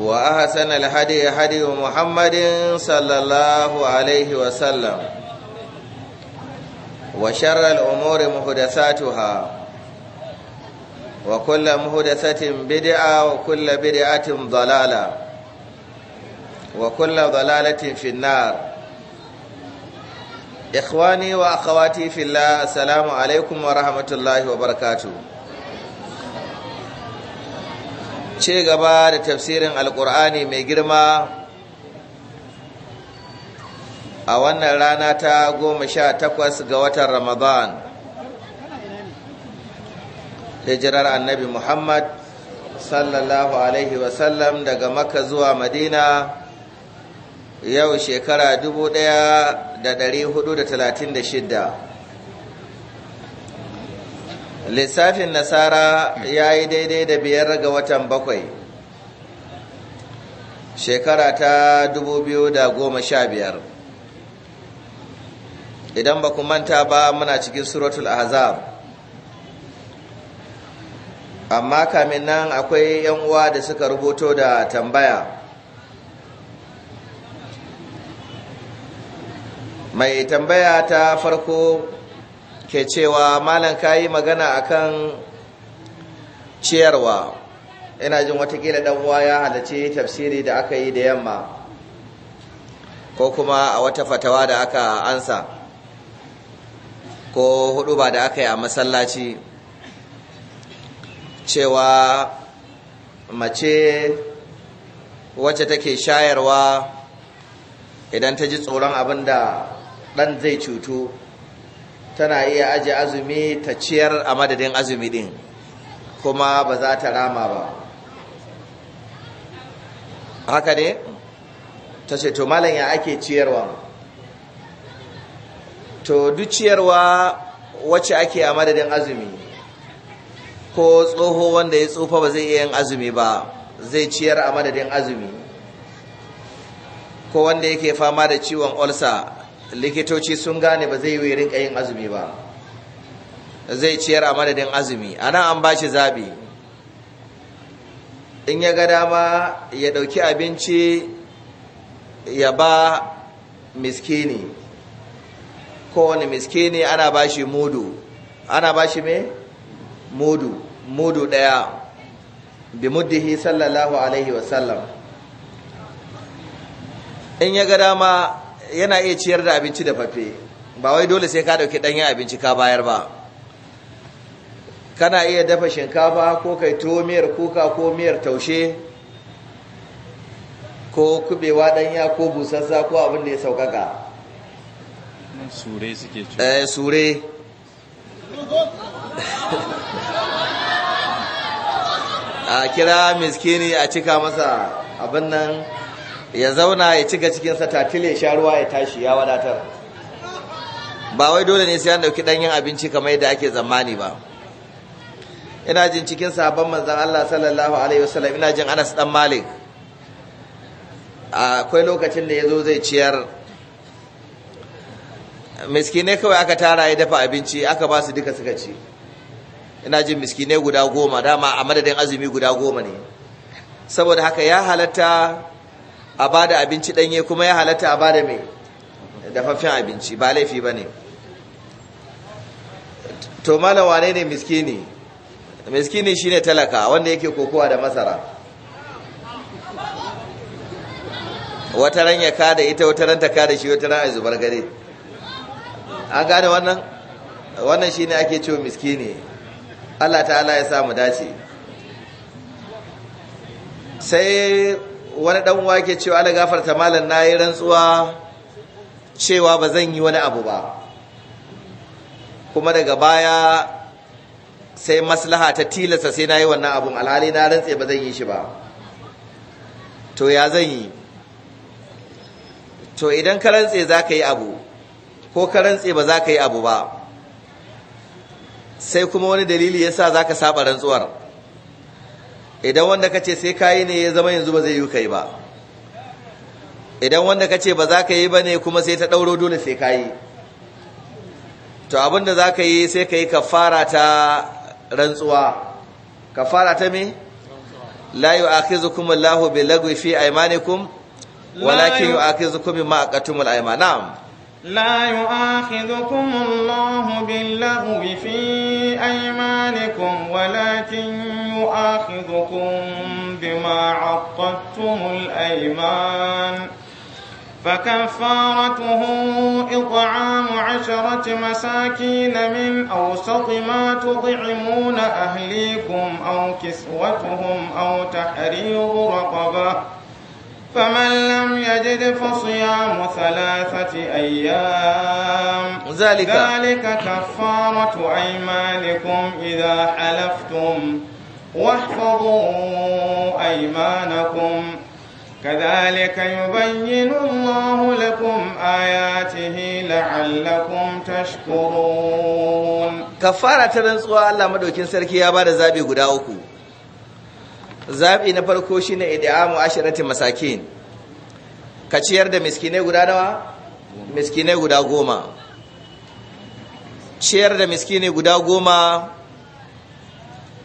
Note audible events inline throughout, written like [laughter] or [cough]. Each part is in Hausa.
وأحسن الهدي هدي محمد صلى الله عليه وسلم وشر الأمور محدثاتها وكل محدثة بدعة وكل بدعة ضلالة وكل ضلالة في النار إخواني وأخواتي في الله السلام عليكم ورحمة الله وبركاته ce gaba da tafsirin alkur'ani mai girma a wannan rana ta goma sha takwas ga watan ramadan hijirar annabi muhammad sallallahu alaihi wasallam daga maka zuwa madina yau shekara 1436 lissafin nasara ya yi daidai da biyar ga watan bakwai shekara ta 2015 idan ba manta ba muna cikin suratul azab. amma kamin nan akwai 'yan uwa da suka rubuto da tambaya mai tambaya ta farko ke cewa malam yi magana a kan ciyarwa ina jin watakila dan uwa ya halarci tafsiri da aka yi da yamma ko kuma a wata fatawa da aka ansa ko hudu ba da aka yi a masallaci cewa mace wacce take shayarwa idan ta ji tsoron abin da ɗan zai cutu tana iya aje azumi ta ciyar a madadin azumi din kuma ba za ta rama ba haka ne ta ce to malam ya ake ciyarwa to duk ciyarwa wacce ake a madadin azumi ko tsoho wanda ya tsufa ba zai iya yin azumi ba zai ciyar a madadin azumi ko wanda yake fama da ciwon olsa likitoci sun gane ba zai yi rinka yin azumi ba zai ciyar a madadin azumi a nan an ba shi zaɓi in ya ga dama ya ɗauki abinci ya ba miskini kowane miskini ana ba shi mudu ana ba shi me? mudu mudu ɗaya bi muddihi sallallahu alaihi wasallam in ya ga dama yana iya ciyar da abinci da fafe ba wai dole sai ka dauki danyen abinci ka bayar ba kana iya dafa shinkafa ko kai tuwo miyar kuka ko miyar taushe ko kubewa danya ko busassa ko abin da ya saukaka sure suke eh, sure [laughs] a kira miskini a cika masa abin nan ya zauna ya ga cikinsa tile sha ruwa ya tashi ya wadatar ba wai dole ne sai an dauki danyen abinci kamar yadda ake zamani ba ina jin cikin sabon manzan Allah sallallahu alaihi wasallam ina jin Anas dan Malik akwai lokacin da yazo zai ciyar miskine kawai aka tara ya dafa abinci aka ba su duka suka ci ina jin miskine guda goma dama a madadin azumi guda goma ne saboda haka ya halatta a bada abinci ɗanye kuma ya halatta a bada mai dafaffen abinci ba laifi ba ne to malam wane ne miskini miskini shine talaka wanda yake kokowa da masara wata ran ya kada ita wata ran ta kada shi wata ran a zubar gare an gane wannan wannan shine ake cewa miskini Allah ta'ala ya samu dace sai wani dan wake cewa Allah gafarta malam na yi rantsuwa cewa ba zan yi wani abu ba kuma daga baya sai maslaha ta tilasta sai na yi wannan abun alhali na rantse ba zan yi shi ba to ya zan yi to idan ka rantse za ka yi abu ko ka rantse ba za ka yi abu ba sai kuma wani dalili yasa za ka saba rantsuwar idan wanda kace sai kayi ne ya zama yanzu ba zai yi kai ba idan wanda kace ba za ka yi ba ne kuma sai ta ɗauro dole sai kayi to abinda za ka yi sai ka yi kafara ta rantsuwa kafara ta me la yu'akhizukum Allahu bi lagwi fi aymanikum walakin yu'akhizukum bima aqatumul ayman na'am لا يؤاخذكم الله باللغو في أيمانكم ولكن يؤاخذكم بما عقدتم الأيمان فكفارته إطعام عشرة مساكين من أوسط ما تطعمون أهليكم أو كسوتهم أو تحرير رقبه فمن لم يجد فصيام ثلاثة أيام ذلك, ذلك كفارة أيمانكم إذا حلفتم واحفظوا أيمانكم كذلك يبين الله لكم آياته لعلكم تشكرون كفارة رنسوا الله مدوكين سركي يا بار زابي zaɓi na farko shi ne id'amu ashirin masakin ka ciyar da miskinai guda nawa miskinai guda goma ciyar da miskinai guda goma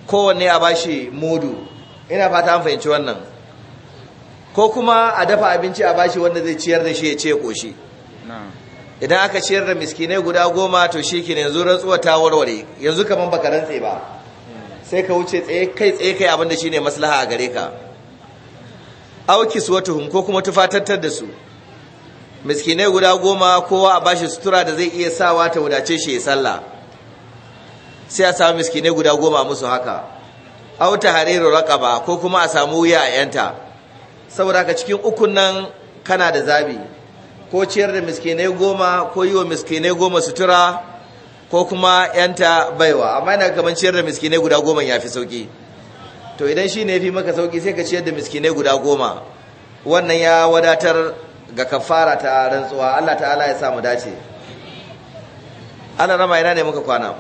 kowanne a bashi mudu ina fata an fahimci wannan ko kuma a dafa abinci a bashi wanda zai ciyar da shi ya ce koshi idan aka ciyar da miskinai guda goma to shi ke yanzu rantsuwa ta warware yanzu kamar baka rantse ba sai ka wuce tsaye kai tsaye kai abinda ne maslaha a gare ka auki wata ko kuma tufatattar da su miskinai guda goma kowa a bashi sutura da zai iya sawa ta wadace shi ya sallah sai a samu miskinai guda goma musu haka au tahriru ba ko kuma a samu wuya a yanta saboda ka cikin ukun nan kana da zabi ko ciyar da miskinai goma ko yi wa miskinai goma sutura ko kuma yanta baiwa amma yana kamar ciyar da miskinai guda goma ya fi sauki to idan shi ne fi maka sauki sai ka ciyar da miskinai guda goma wannan ya wadatar ga kafara ta rantsuwa Allah ta'ala ya samu dace ana rama ina ne muka kwana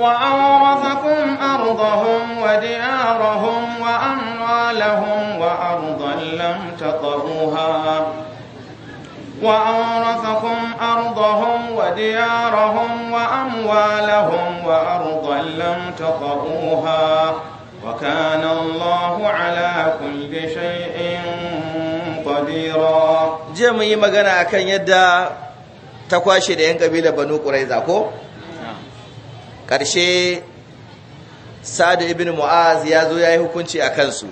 وأورثكم أرضهم وديارهم وأموالهم وأرضا لم تطروها وأورثكم أرضهم وديارهم وأموالهم وأرضا لم تطئوها وكان الله على كل شيء قديرا jiya mun yi magana akan yadda ta kwashe da 'yan kabilar banu ƙuraiza ko? ƙarshe sadu ibn mu'az ya zo ya yi hukunci a kansu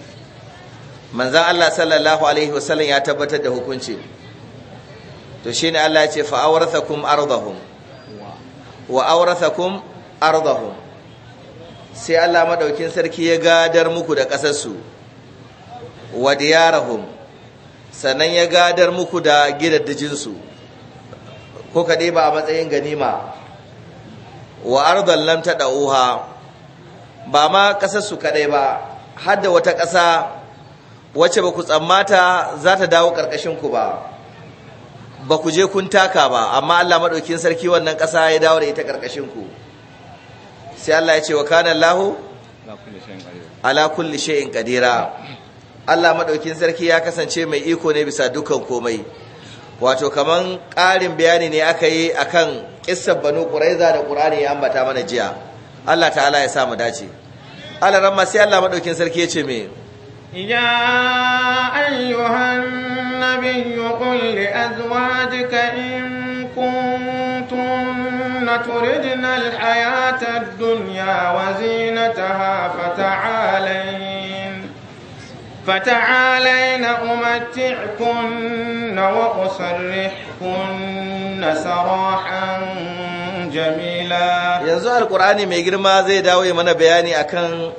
manzan allah sallallahu alaihi wasallam ya tabbatar da hukunci to shi ne Allah ya ce fa arzahun wa awrathakum ardahum sai Allah madaukin sarki ya gadar muku da kasar su wa diyarahum sannan ya gadar muku da gidaddajin su ko kaɗai ba a matsayin ganima wa ardan lam tadauha ba ma ƙasarsu kaɗai ba hadda wata ƙasa wacce ba ku tsammata za ta dawo ƙarƙashinku ba ba ku je kun taka ba amma Allah madaukin sarki wannan ƙasa ya dawo da ita karkashin ku sai Allah ya ce wa kana Allahu ala kulli shay'in qadira Allah madaukin sarki ya kasance mai iko ne bisa dukan komai wato kaman ƙarin bayani ne aka yi akan kissar Banu Quraiza da Qur'ani ya ambata mana jiya Allah ta'ala ya sa mu dace Allah ramma sai Allah madaukin sarki ya ce me يا أيها النبي قل لأزواجك إن كنتن تردن الحياة الدنيا وزينتها فتعالين فتعالين أمتعكن وأسرحكن سراحا جميلا ينزل القرآن ميجرما زي داوي من بياني أكن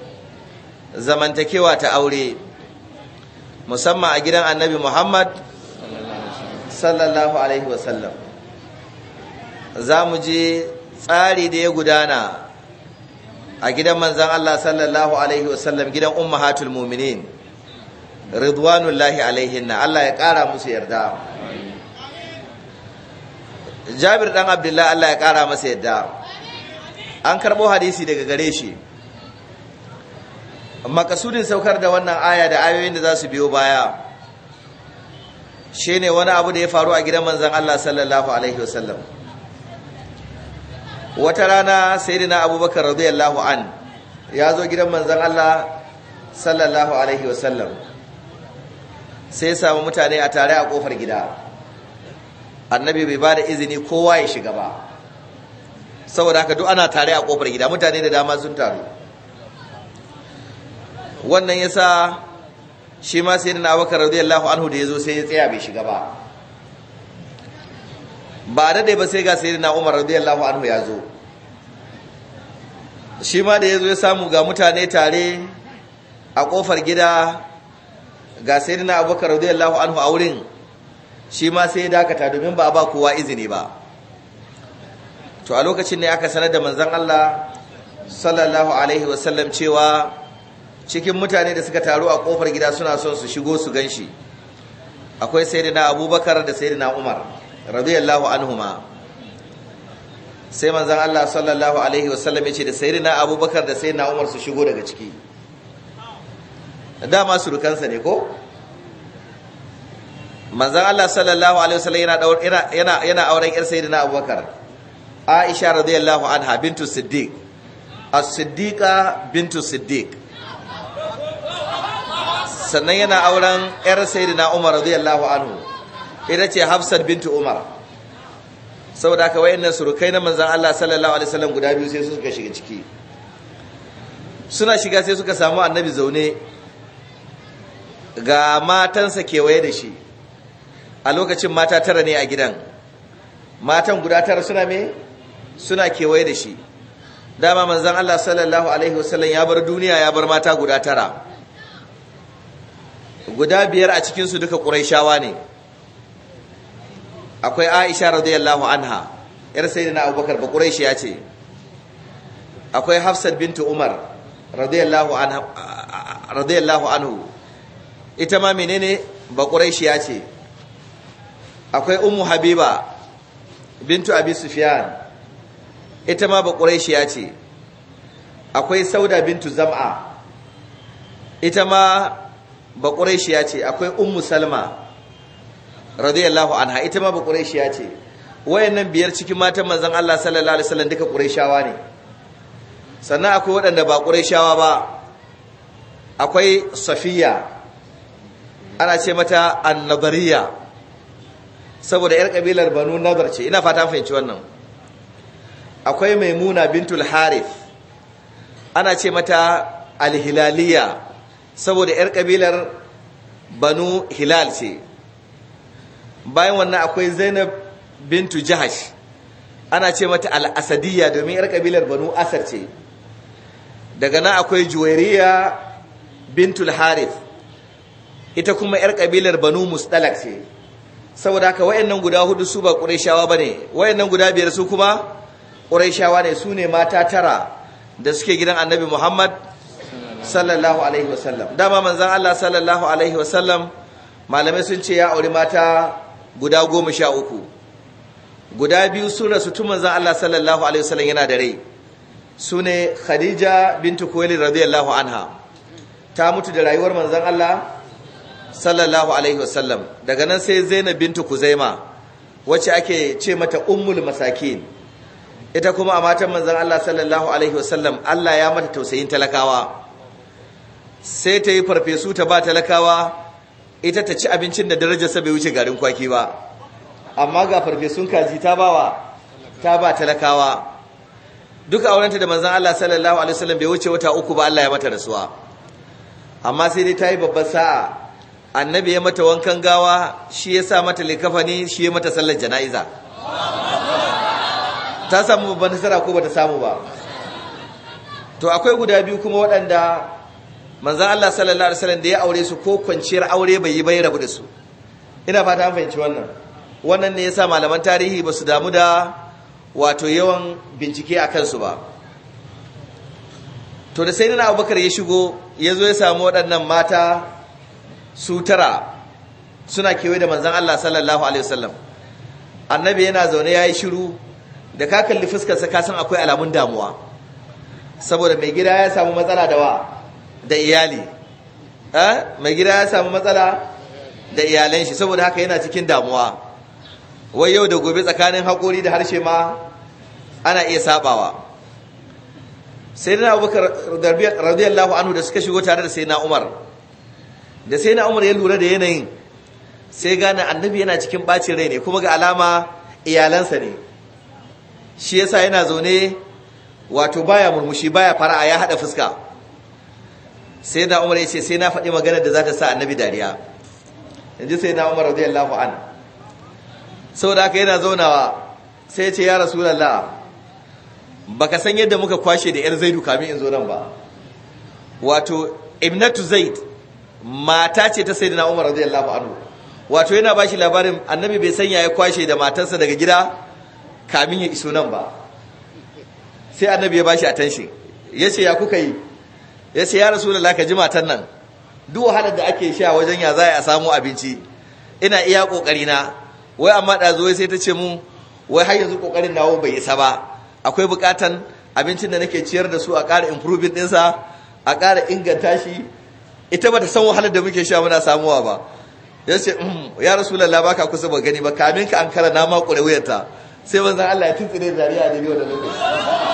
zamantakewa ta aure musamman a gidan annabi muhammad sallallahu alaihi wasallam za mu je tsari da ya gudana a gidan manzan allah sallallahu alaihi wasallam gidan ummahatul muminin ridwanullahi alaihinna allah ya kara musu yarda jabir dan abdullahi allah ya kara masa yarda, an karbo hadisi daga gare shi makasudin saukar da wannan aya da ayoyin da za su biyo baya ne wani abu da ya faru a gidan manzan Allah sallallahu alaihi wasallam wata rana dina abubakar radiyallahu an ya zo gidan manzan Allah sallallahu alaihi wasallam sai samu mutane a tare a kofar gida annabi bai ba da izini kowa ya shiga ba saboda haka duk ana tare a kofar gida mutane da dama sun taru wannan ya sa shi ma sai na abokan radiyallahu anhu da ya zo sai ya tsaya bai shiga ba ba da dai ba sai ga sai na umar radiyallahu anhu ya zo shi ma da ya zo ya samu ga mutane tare a kofar gida ga sai na abakar radiyallahu anhu a wurin shi ma sai ya dakata domin ba a ba kowa izini ba to a lokacin ne aka sanar da manzan Allah sallallahu alaihi wasallam cewa cikin mutane da suka taru a kofar gida suna son su shigo su gan shi. akwai na abubakar da na umar radiyallahu anhuma sai manzan Allah sallallahu alaihi wasallam ya ce da na abubakar da na umar su shigo daga ciki dama surukansa ne ko manzan Allah sallallahu alaihi wasallam yana yana yana auren yar na abubakar aisha radiyallahu anha bintu siddiq as-siddiqa bintu siddiq sannan yana auren yar sayyidina Umar radiyallahu anhu ita ce Hafsat bintu Umar saboda haka wayannan surukai na manzon Allah sallallahu alaihi wasallam guda biyu sai suka shiga ciki suna shiga sai suka samu annabi zaune ga matansa kewaye da shi a lokacin mata tara ne a gidan matan guda tara suna me suna kewaye da shi dama manzon Allah sallallahu alaihi wasallam ya bar duniya ya bar mata guda tara guda biyar a cikinsu duka ƙuraishawa ne akwai aisha radiyallahu anha yar na abubakar ba ƙuraishi ya ce akwai hafsat bintu umar radiyallahu anhu ita ma menene ba ƙuraishi ya ce akwai umu habiba bintu abi sufiyan ita ma ba ƙuraishi ya ce akwai sauda bintu zam'a ita ma ba ya ce akwai ummu salma radiyallahu anha ita ma ba ya ce wayannan biyar cikin matan manzon Allah sallallahu alaihi wasallam duka qurayshawa ne sannan akwai waɗanda ba qurayshawa ba akwai safiya ana ce mata annabariya saboda yar kabilar banu nazar ce ina fata fahimci wannan akwai maimuna bintul harif ana ce mata alhilaliya saboda 'yar kabilar banu hilal ce bayan wannan akwai zainab bintu jahash ana ce mata al'asadiyya domin 'yar kabilar banu asar ce daga nan akwai juwairiya bintul harif ita kuma 'yar kabilar banu mustalak ce saboda haka wayannan guda hudu su ba ƙurayshawa ba ne wayannan guda biyar su kuma ƙurayshawa ne su ne mata tara da suke gidan annabi muhammad sallallahu alaihi wasallam dama manzan Allah sallallahu alaihi wasallam malamai sun ce ya auri mata guda goma sha uku guda biyu sun rasu tun manzan Allah sallallahu alaihi wasallam yana da rai su ne khadija bintu kuwaili radiyallahu anha ta mutu da rayuwar manzan Allah sallallahu alaihi wasallam daga nan sai zainab bintu kuzaima wacce ake ce mata ummul masakin ita kuma a matan manzan Allah sallallahu alaihi wasallam Allah ya mata tausayin talakawa sai ta yi farfesu ta ba talakawa ita ta ci abincin da darajarsa bai wuce garin kwaki ba amma ga farfesun kaji ta bawa ta ba talakawa duk aurenta da manzon Allah sallallahu alaihi wasallam bai wuce wata uku ba Allah ya mata rasuwa amma sai dai ta yi babbar sa'a annabi ya mata wankan gawa shi ya sa mata likafani shi ya mata sallar jana'iza ta samu babban nasara ko bata samu ba to akwai guda biyu kuma waɗanda manzan Allah sallallahu alaihi wasallam da ya aure su ko kwanciyar aure bai yi bai rabu da su ina fata an fahimci wannan wannan ne ya sa malaman tarihi ba su damu da wato yawan bincike a kansu ba to da sai nuna abubakar ya shigo ya zo ya samu waɗannan mata su tara suna kewaye da manzan Allah sallallahu alaihi wasallam annabi yana zaune ya yi shiru da ka kalli fuskarsa ka san akwai alamun damuwa saboda mai gida ya samu matsala da wa da iyali mai gida ya samu matsala da iyalan shi saboda haka yana cikin damuwa wai yau da gobe tsakanin haƙori da harshe ma ana iya sabawa sai na abubakar radiyallahu anhu da suka shigo tare da sai na umar da sai na umar ya lura da yanayin sai gane annabi yana cikin bacin rai ne kuma ga alama iyalansa ne shi yasa yana zaune wato baya murmushi baya fara'a ya haɗa fuska sai na umar ya ce sai na faɗi maganar da za ta sa annabi dariya yanzu sai na umar radiyallahu an da aka yana zaunawa sai ya ce ya ba ka san yadda muka kwashe da yar zaidu kamin in zo nan ba wato ibnatu zaid mata ce ta sai na umar radiyallahu anhu wato yana ba shi labarin annabi bai sanya ya kwashe da matarsa daga gida kamin ya iso nan ba sai annabi ya bashi Ya ce ya kuka yi ya ce ya rasulullah ka ji matan nan duk wahalar da ake sha wajen ya za a samu abinci ina iya kokari na wai amma da zuwa sai ta ce mu wai har yanzu kokarin nawo bai isa ba akwai bukatan abincin da nake ciyar da su a ƙara improving ɗinsa a ƙara inganta shi ita bata san wahalar da muke sha muna samuwa ba ya ce mm, ya la baka kusa ba gani ba kamin ka an kara na ma ƙure wuyanta sai manzon Allah ya tuntsire dariya da yawa da lokaci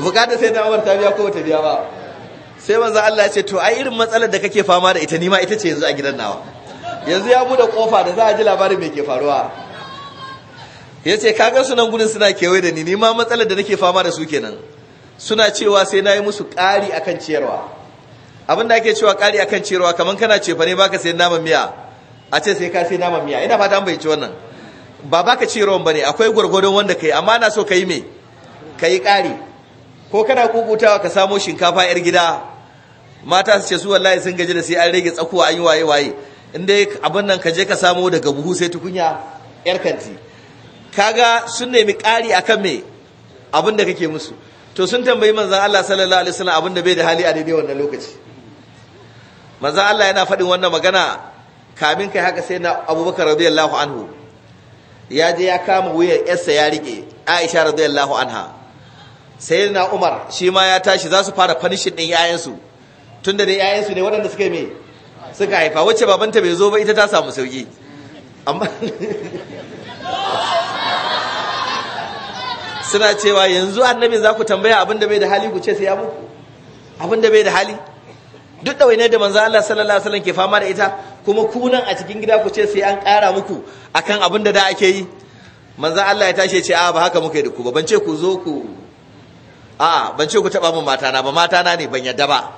bukatar sai ta amur ta biya ko ta biya ba sai manzo Allah ya ce to ai irin matsalar da kake fama da ita nima ita ce yanzu a gidan nawa yanzu ya bude kofa da za a ji labarin me ke faruwa ya ce kaga su nan gudun suna kewaye da ni nima matsalar da nake fama da su kenan suna cewa sai na yi musu ƙari akan ciyarwa abin da ake cewa ƙari akan ciyarwa kamar kana cefa ne baka sayan naman miya a ce sai ka sai naman miya ina fata an bayyace wannan ba baka ciyarwan bane akwai gwargwadon wanda kai amma na so kai me kai ƙari ko kana kukutawa ka samo shinkafa yar gida mata su ce su wallahi sun gaji da sai an rage tsakuwa an yi waye waye in dai abin nan ka je ka samo daga buhu sai tukunya yar kanti kaga sun nemi ƙari akan me abin da kake musu to sun tambayi manzan Allah sallallahu alaihi wasallam abin da bai da hali a daidai wannan lokaci Manzan Allah yana faɗin wannan magana kamin kai haka sai na Abubakar radiyallahu anhu ya je ya kama wuyar yarsa ya rike Aisha radiyallahu anha sayyidina umar shi ma ya tashi za su fara fanishin din yayansu tunda da yayansu ne waɗanda suka me suka haifa wacce babanta bai zo ba ita ta samu sauki amma [laughs] suna cewa yanzu annabi za ku tambaya abinda bai da hali ku ce sai ya muku abinda bai da hali duk da wainar da manzo Allah sallallahu alaihi wasallam ke fama da ita kuma ku nan a cikin gida ku ce sai an ƙara muku akan abinda da ake yi manzo Allah ya tashi ya ce a ba haka muke da ku ba ban ce ku zo ku a ban ce ku taba mun matana ba matana ne ban yadda ba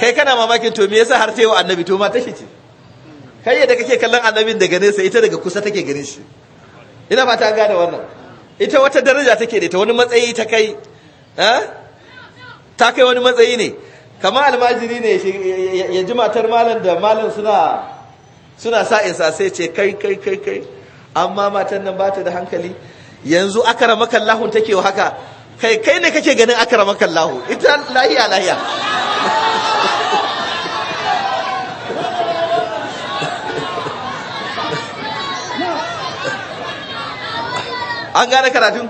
kai kana mamakin to me yasa har ta yi wa annabi to mata shi ce kai yadda kake kallon annabin daga nesa ita daga kusa take ganin shi ina ba ta gane wannan ita wata daraja take da ita wani matsayi ta kai ta kai wani matsayi ne kamar almajiri ne ya ji matar malam da malam suna suna sa'insa sai ce kai kai kai kai amma matan nan ba ta da hankali yanzu akaramakan lahun take haka kai kai ne kake ganin akaramakan lahu ita lahiya lahiya an gane karatun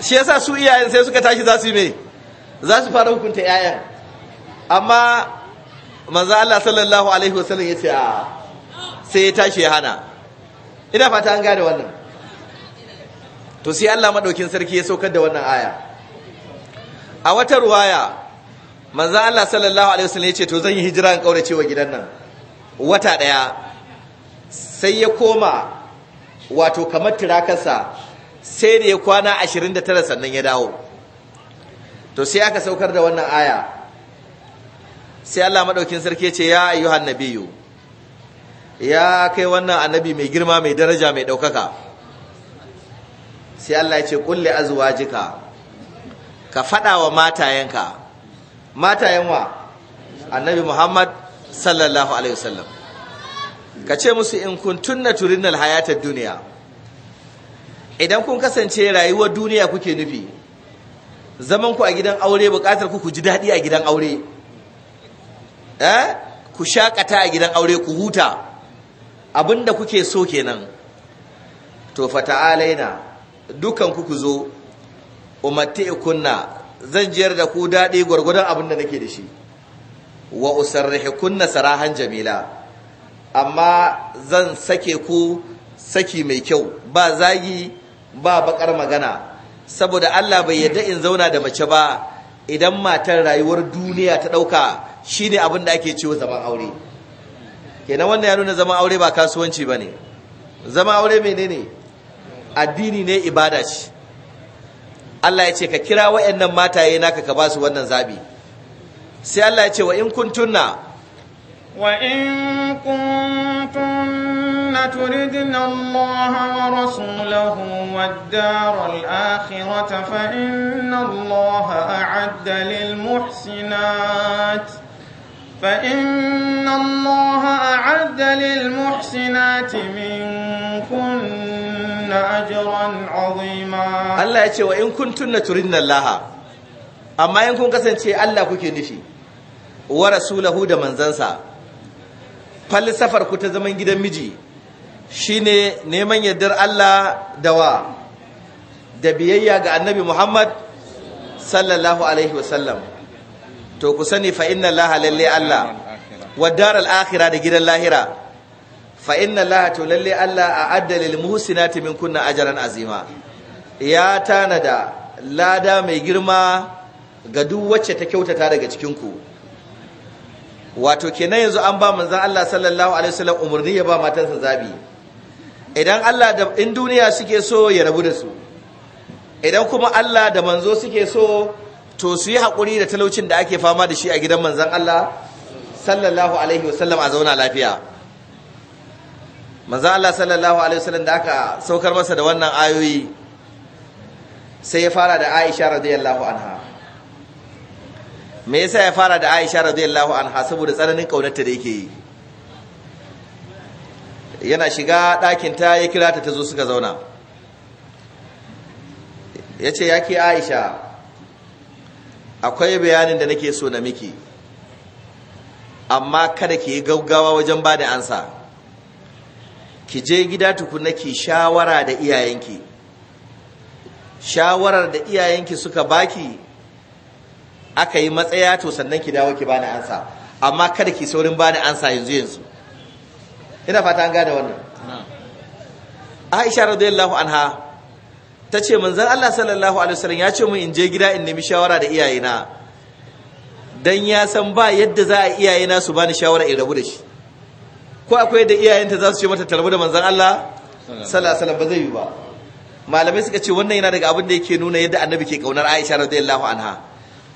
shi yasa su iyayen sai suka tashi za su yi mai za su fara hukunta yayan amma manzo Allah sallallahu alaihi wasallam ya a sai ya tashi ya hana ina fata an gane wannan to sai Allah madaukin sarki ya saukar da wannan aya a wata ruwaya manzo Allah sallallahu alaihi wasallam ya ce to zan yi hijira in kaurace wa gidan nan wata daya sai ya koma wato kamar tirakarsa sai da ya kwana 29 sannan ya dawo to sai aka saukar da wannan aya sai Allah madaukin sarki ya ce ya ayyuhan nabiyyu ya kai wannan annabi mai girma mai daraja mai daukaka sai Allah ya ce kulle azwajika ka fada wa matayenka matayen annabi Muhammad sallallahu alaihi wasallam ka ce musu in kuntunna turinnal alhayatad duniya idan kun kasance rayuwar duniya kuke nufi zaman ku a gidan aure bukatar ku ku ji dadi a gidan aure eh ku shakata a gidan aure ku huta abinda kuke so kenan to alaina dukan ku ku zo umatte kunna zan jiyar da ku daɗi gwargwadon abin da nake da shi wa usarrihi kunna sarahan jamila amma zan sake ku saki mai kyau ba zagi ba bakar magana saboda Allah bai yadda in zauna da mace ba idan matar rayuwar duniya ta ɗauka shine abin da ake cewa zaman aure kenan wannan ya nuna zaman aure ba kasuwanci ba ne Zaman aure menene ne addini ne ibada ce Allah ya ce ka kira wayannan mataye naka ka ba su wannan zabi sai Allah ya ce wa in kuntunna wa in kuntunna turidna Allah wa rasulahu wad-daral akhirata fa inna Allah a'adda lil muhsinati فإن الله أعد للمحسنات منكن أجرا عظيما الله يقول وإن كنتن تردن الله أما إن كن كسنتي الله كوكي نفي ورسوله دا منزنسا كنت زمن جدا مجي shine neman yardar Allah dawa da biyayya ga Annabi Muhammad sallallahu alaihi wasallam to ku sani fa inna lalle Allah wa al akhirah da gidan lahira fa inna to lalle Allah a adda lil muhsinati min kunna ajran azima ya tanada lada mai girma ga duk wacce ta kyautata daga cikin ku wato kenan yanzu an ba manzon Allah sallallahu alaihi wasallam umurni ya ba matansa zabi idan Allah da in duniya suke so ya rabu da su idan kuma Allah da manzo suke so to su yi haƙuri da talaucin da ake fama da shi a gidan manzan Allah sallallahu alaihi wasallam a zauna lafiya manzan Allah sallallahu alaihi wasallam da aka saukar masa da wannan ayoyi sai ya fara da Aisha radiyallahu anha me yasa ya fara da Aisha radiyallahu anha saboda tsananin kaunarta da yake yi yana shiga ɗakin ta ya kira ta ta zo suka zauna ya ce ya ke Aisha akwai bayanin da nake so na miki amma kada ki yi gaugawa wajen ba da ansa ki je gida tukuna ki shawara da iyayenki shawarar da iyayenki suka baki aka yi matsaya to sannan ki dawo ki bani ansa amma kada ki saurin bani ansa yanzu yanzu ina fata an gane wannan Aisha radiyallahu anha ta ce manzan Allah sallallahu alaihi wasallam ya ce mu in je gida in nemi shawara da iyayena don ya san ba yadda za a iyayena su bani shawara in rabu da shi ko akwai da iyayenta za su ce mata talabu da manzan Allah sallallahu alaihi wasallam ba zai yi ba malamai suka ce wannan yana daga abin da yake nuna yadda annabi ke kaunar Aisha radiyallahu anha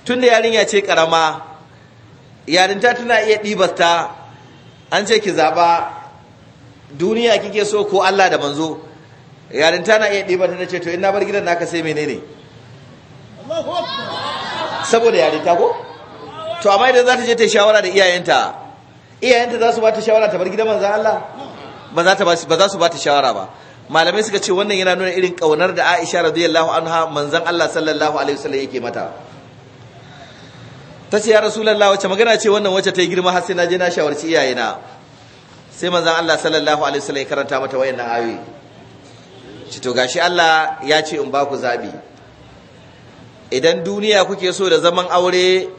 tunda yarinya ce karama yarinta tana iya ɗibarta an ce ki zaba duniya kike so ko Allah da manzo yarinta na iya ɗiba ta ce to in na bar gidan naka sai menene saboda yarinta ko to amma idan za ta je ta shawara da iyayenta iyayenta za su ba ta shawara ta bar gidan manzan Allah ba za su ba ta shawara ba malamai suka ce wannan yana nuna irin kaunar da Aisha radiyallahu anha manzan Allah sallallahu alaihi wasallam yake mata ta ce ya lallawa wacce magana ce wannan wacce ta yi girma har sai na je na shawarci iyayena sai manzan Allah sallallahu alaihi wasallam ya karanta mata wayannan ayoyi shi to gashi Allah ya ce in ba ku zabi idan duniya kuke so da zaman aure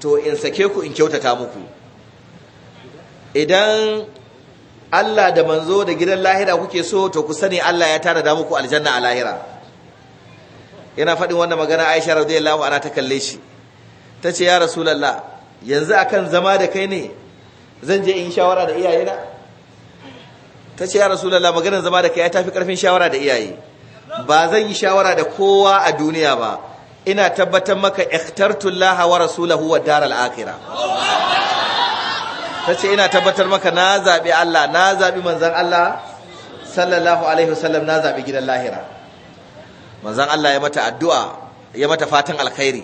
to in sake ku in kyautata muku idan Allah da manzo da gidan lahira kuke so to ku sani Allah ya tara da muku aljanna a lahira yana faɗin wannan magana Aisha radiyallahu anha ta kalle shi tace ya rasulullah yanzu akan zama da kai ne zan je in shawara da iyayena ta ce ya rasulallah maganar zama da kai ta fi karfin shawara da iyaye ba zan yi shawara da kowa a duniya ba ina tabbatar maka ikhtartullah wa rasulahu wa daral akhirah ce ina tabbatar maka na zabi Allah na zabi manzon Allah sallallahu alaihi wasallam na zabi gidan lahira manzon Allah ya mata addu'a ya mata fatan alkhairi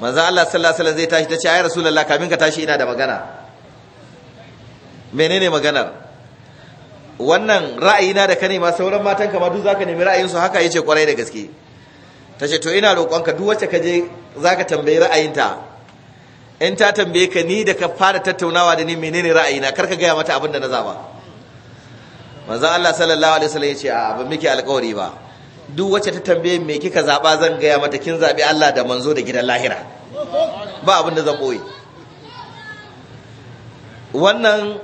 manzon Allah sallallahu alaihi wasallam zai tashi ta ce ai rasulullah kamin ka tashi ina da magana menene maganar wannan ra'ayina da ka nema sauran matan kama duk zaka nemi ra'ayin su haka yace kwarai da gaske ta to ina roƙonka duk wacce ka je zaka tambayi ra'ayinta in ta tambaye ka ni da ka fara tattaunawa da ni menene na? kar ka gaya mata abin da na zaba manzo Allah sallallahu alaihi wasallam yace a ban miki alƙawari ba duk wacce ta tambaye me kika zaba zan gaya mata kin zabi Allah da manzo da gidan lahira ba abin da zan boye wannan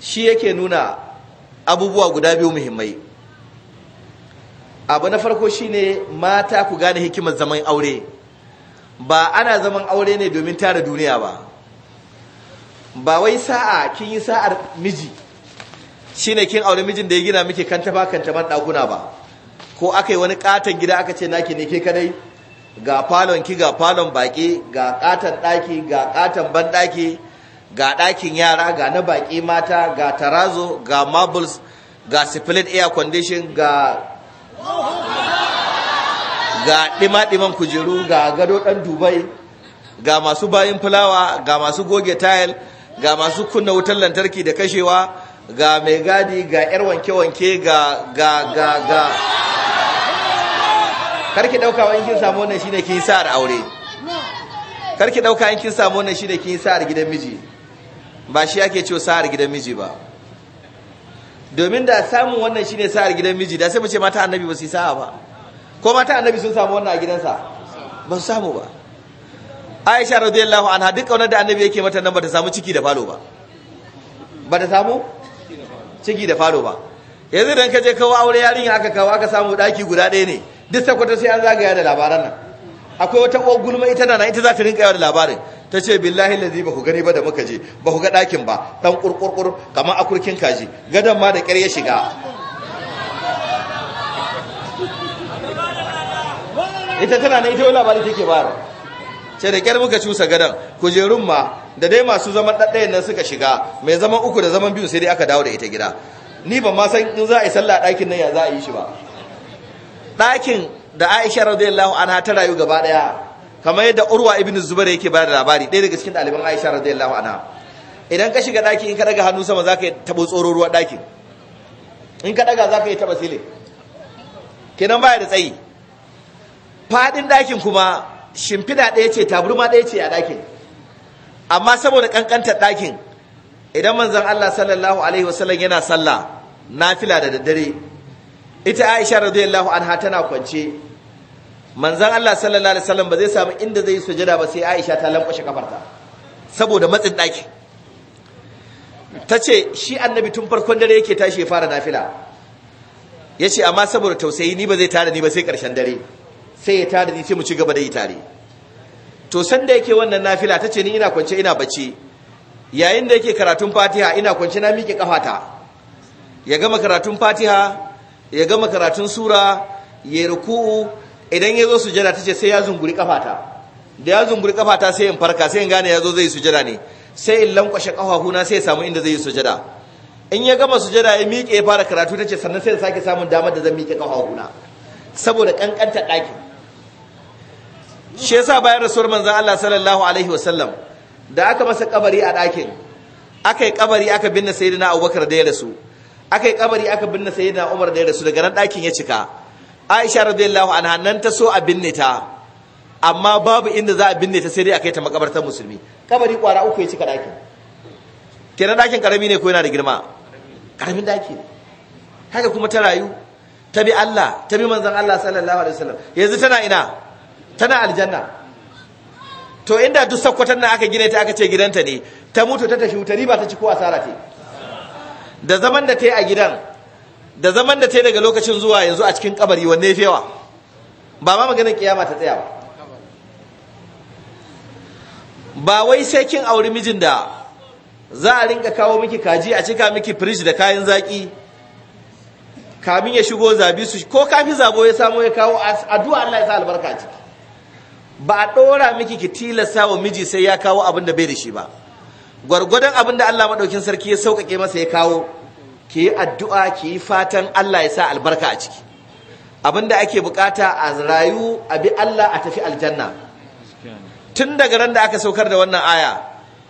shi yake nuna abubuwa guda biyu muhimmai abu na farko shine mata ku gane hikimar zaman aure ba ana zaman aure ne domin tara duniya ba ba wai sa'a kin yi sa'ar miji shine kin aure mijin da ya gina miki kan tafa kan taban ɗaguna ba ko aka yi wani katon gida aka ce naki ne ke kadai ga falon ki ga falon baƙi, ga katon ɗaki, ga katon ban daki ga ɗakin yara ga na baƙi mata ga tarazo ga marbles ga split air condition ga ga ɗima-ɗiman kujeru ga gado ɗan dubai ga masu bayin fulawa ga masu goge tile ga masu kunna wutar lantarki da kashewa ga mai gadi ga 'yar wanke-wanke ga ga ga ga karki ɗauka wani kin samu wannan ne kin sa'ar aure karki ɗauka in kin samu wannan ne kin sa'ar gidan miji ba shi ake ciwo sa'ar gidan miji ba domin da samun wannan shine sa'ar gidan miji da sai mu ce mata annabi ba su yi sa'a ba ko mata annabi sun samu wannan a gidansa ba su samu ba aisha radiyallahu anha duk kaunar da annabi yake mata nan ba ta samu ciki da falo ba ba ta samu ciki da falo ba yanzu don ka je kawo aure yarinya aka kawo aka samu daki guda ɗaya ne duk sakwata sai an zagaya da labaran nan akwai wata uwar gulma ita na ita za ta rinka yawa da labarin ta ce billahi lazi ba ku gani ba da muka je ba ku ga ɗakin ba ɗan ƙurƙurƙur kamar akurkin kaji gadon ma da ƙyar ya shiga ita tana na ita ba da take bayar ce da ƙyar muka cusa gadon kujerun ma da dai masu zaman ɗaɗɗayan nan suka shiga mai zaman uku da zaman biyu sai dai aka dawo da ita gida ni ba ma san in za a yi sallah ɗakin nan ya za a yi shi ba ɗakin da aisha radiyallahu anha ta rayu gaba ɗaya kamar yadda urwa ibn zubair yake bada labari ɗaya daga cikin ɗaliban aisha radiyallahu anha idan ka shiga ɗaki in ka daga hannu sama zaka yi taɓa tsoro ruwa ɗakin in ka daga zaka yi taba silin kenan baya da tsayi fadin ɗakin kuma shimfiɗa ɗaya ce taburma ɗaya ce a ɗakin amma saboda ƙanƙantar ɗakin idan manzon Allah sallallahu alaihi wasallam yana sallah nafila da daddare ita Aisha radiyallahu anha tana kwance manzan Allah sallallahu alaihi wasallam ba zai samu inda zai sujada ba sai Aisha ta lankwashe kafarta saboda matsin daki tace shi annabi tun farkon dare yake tashi ya fara nafila yace amma saboda tausayi ni ba zai tare ni ba sai karshen dare sai ya tare ni sai mu ci gaba da yi tare to sanda yake wannan nafila tace ni ina kwance ina bacci yayin da yake karatun Fatiha ina kwance na miƙe kafata ya gama karatun Fatiha ya gama karatun sura ya ruku'u idan ya zo sujada ta ce sai ya zunguri kafata da ya zunguri kafata sai in farka sai in gane ya zo zai sujada ne sai in lankwashe kafafuna sai ya samu inda zai yi sujada in ya gama sujada ya miƙe ya fara karatu ta ce sannan sai ya sake samun damar da zan miƙe kafafuna saboda kankanta ɗaki shi yasa bayan rasuwar manzon Allah sallallahu alaihi wasallam da aka masa kabari a ɗakin aka yi kabari aka binne sayyidina Abubakar da ya rasu aka yi kabari aka binne sayyidina Umar da ya rasu daga nan ɗakin ya cika aisha radiyallahu anha nan ta so a binne ta amma babu inda za a binne ta sai dai a kai ta makabartar musulmi kabari kwara uku ya cika ɗakin kenan ɗakin karami ne ko yana da girma karamin ɗaki haka kuma ta rayu ta bi Allah ta bi manzon Allah sallallahu alaihi wasallam yanzu tana ina tana aljanna to inda duk sakkwatan nan aka gine ta aka ce gidanta ne ta mutu ta tafi wuta riba ta ci ko asara ce da zaman da ta yi a gidan da zaman da ta daga lokacin zuwa yanzu a cikin kabari wanne fewa ba ma maganin kiyama ta tsaya ba ba wai sai kin auri mijin da za a rinka kawo miki kaji a cika miki fridge da kayan zaki kamin ya shigo zabi su ko kafi zabo ya samu ya kawo addu'a Allah ya sa albarka ciki ba a dora miki ki tilasta wa miji sai ya kawo abin da bai da shi ba gwargwadon abin da Allah madaukin sarki ya sauƙaƙe masa ya kawo ki yi addu'a ki yi fatan Allah ya sa albarka a ciki abinda ake bukata a rayu a bi Allah a tafi aljanna tun daga ran da aka saukar da wannan aya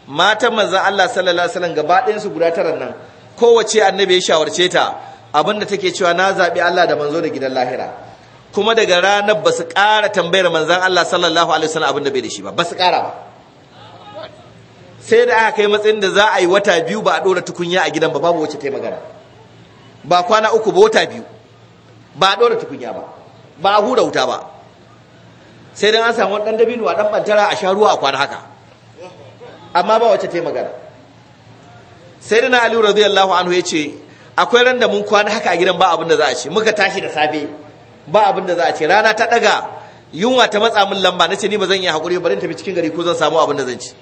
matan manzan Allah sallallahu alaihi gaba su guda tara nan kowace annabi ya shawarce ta abinda take cewa na zaɓi Allah da manzo da gidan lahira kuma daga ranar ba su ƙara tambayar manzan Allah sallallahu alaihi wasallam abinda bai da shi ba ba su ƙara ba sai da aka kai matsayin da za a yi wata biyu ba a ɗora tukunya a gidan ba babu wacce ta yi magana ba kwana uku ba wata biyu ba a ɗora tukunya ba ba a hura wuta ba sai dan an samu wani ɗan dabino a ɗan bantara a sha ruwa a kwana haka amma ba wacce ta yi magana sai da na aliyu radiyallahu anhu ya ce akwai ran da mun kwana haka a gidan ba abin da za a ce muka tashi da safe ba abin da za a ce rana ta ɗaga yunwa ta matsa min lamba na ce ni ba zan yi haƙuri ba zan tafi cikin gari ko zan samu abin da zan ci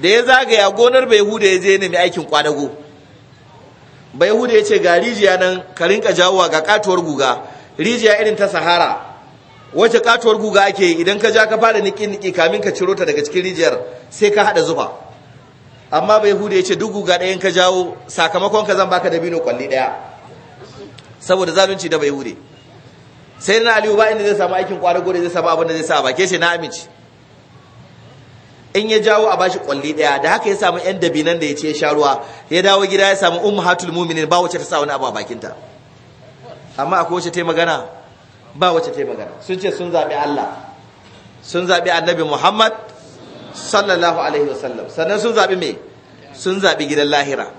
da ya zagaya gonar bai huda ya je nemi aikin kwadago bai huda ya ce ga rijiya nan ka rinka jawowa ga katuwar guga rijiya irin ta sahara wacce katuwar guga ake idan ka ja ka fara niki-niki kamin ka ciro ta daga cikin rijiyar sai ka haɗa zuba amma bai huda ya ce duk guga ɗayan ka jawo sakamakon ka zan baka da bino kwalli ɗaya saboda zalunci da bai hude sai na aliyu ba inda zai samu aikin kwadago da zai samu abin da zai sa ba ke ce na amince in ya jawo a bashi kwalli daya da haka ya samu yan dabinan da ya ce ya sha ruwa ya dawo gida ya samu hatul mu'minin ba wacce ta sa wani abu a bakinta amma akwai wacce ta magana ba wacce ta magana sun ce sun zaɓi Allah sun zaɓi Annabi Muhammad sallallahu alaihi wasallam sannan sun zaɓi me sun zaɓi gidan lahira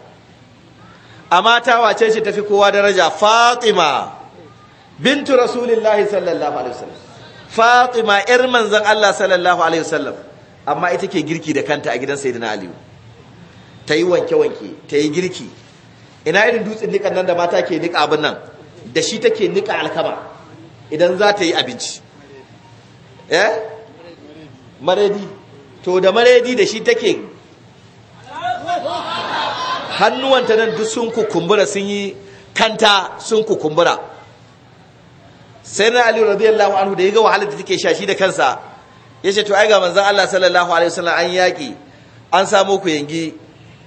amma ta wace ce tafi kowa daraja Fatima bintu Rasulillahi sallallahu alaihi wasallam Fatima ƴar manzan Allah sallallahu Alaihi sallam. amma ita ke girki da kanta a gidan sayyidina aliyu ta yi wanke-wanke ta yi girki ina irin dutsen nikan nan da mata ke nika abin nan da shi take nika alkama idan za ta yi abinci eh maredi to da maredi da shi take hannuwanta nan duk sun kukumbura sun yi kanta sun kukumbura sai na aliyu radiyallahu anhu da ya ga wahalar da take sha shi da kansa yace to ai ga manzon Allah sallallahu alaihi wasallam an yaki an samu ku yangi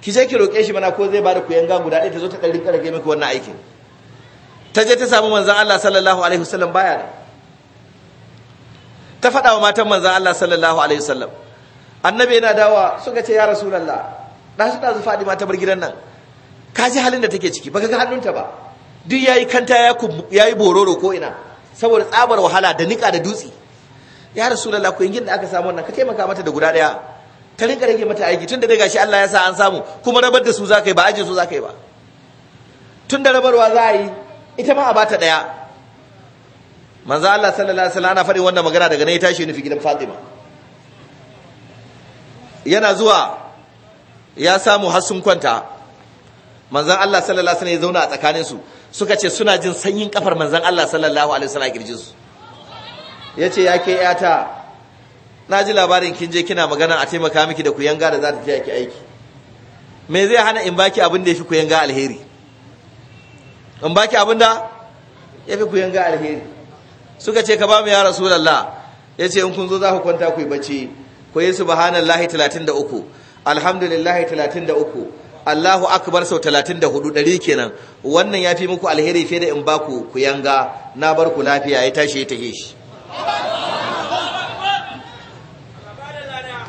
ki je ki roke shi mana ko zai bada ku yanga guda ɗaya ta zo ta ɗan rinka rage miki wannan aikin ta je ta samu manzon Allah sallallahu alaihi wasallam baya ta fada wa matan manzon Allah sallallahu alaihi wasallam annabi yana dawa suka ce ya rasulullah da su ɗazu fadi mata bar gidan nan ka ji halin da take ciki baka ga hannunta ba duk yayi kanta ya yi bororo ko ina saboda tsabar wahala da nika da dutse ya rasulullah ku yin da aka samu wannan ka taimaka mata da guda daya ta rinka rage mata aiki tun da daga shi Allah ya sa an samu kuma rabar da su za ka yi ba aje su za ka yi ba tun da rabarwa za a yi ita ma a ba ta daya manzo Allah sallallahu alaihi wasallam ana faɗin wannan magana daga ne ya tashi nufi gidan Fatima yana zuwa ya samu har sun kwanta manzon Allah sallallahu alaihi wasallam ya zauna a tsakaninsu suka ce suna jin sanyin kafar manzon Allah sallallahu alaihi wasallam a kirjinsu ya ce ya ke yata na ji labarin kin je kina magana a taimaka miki da kuyanga da za ta je aiki me zai hana in baki abin da ya fi kuyanga alheri in baki abin da ya fi kuyanga alheri suka ce ka ba mu ya rasulallah ya ce in kun zo za ku kwanta ku yi bacci ku yi subhanallahi 33 alhamdulillahi 33 Allahu akbar sau talatin da hudu ɗari kenan wannan ya fi muku alheri fiye da in baku ku yanga na bar ku lafiya ya tashi ya tahe shi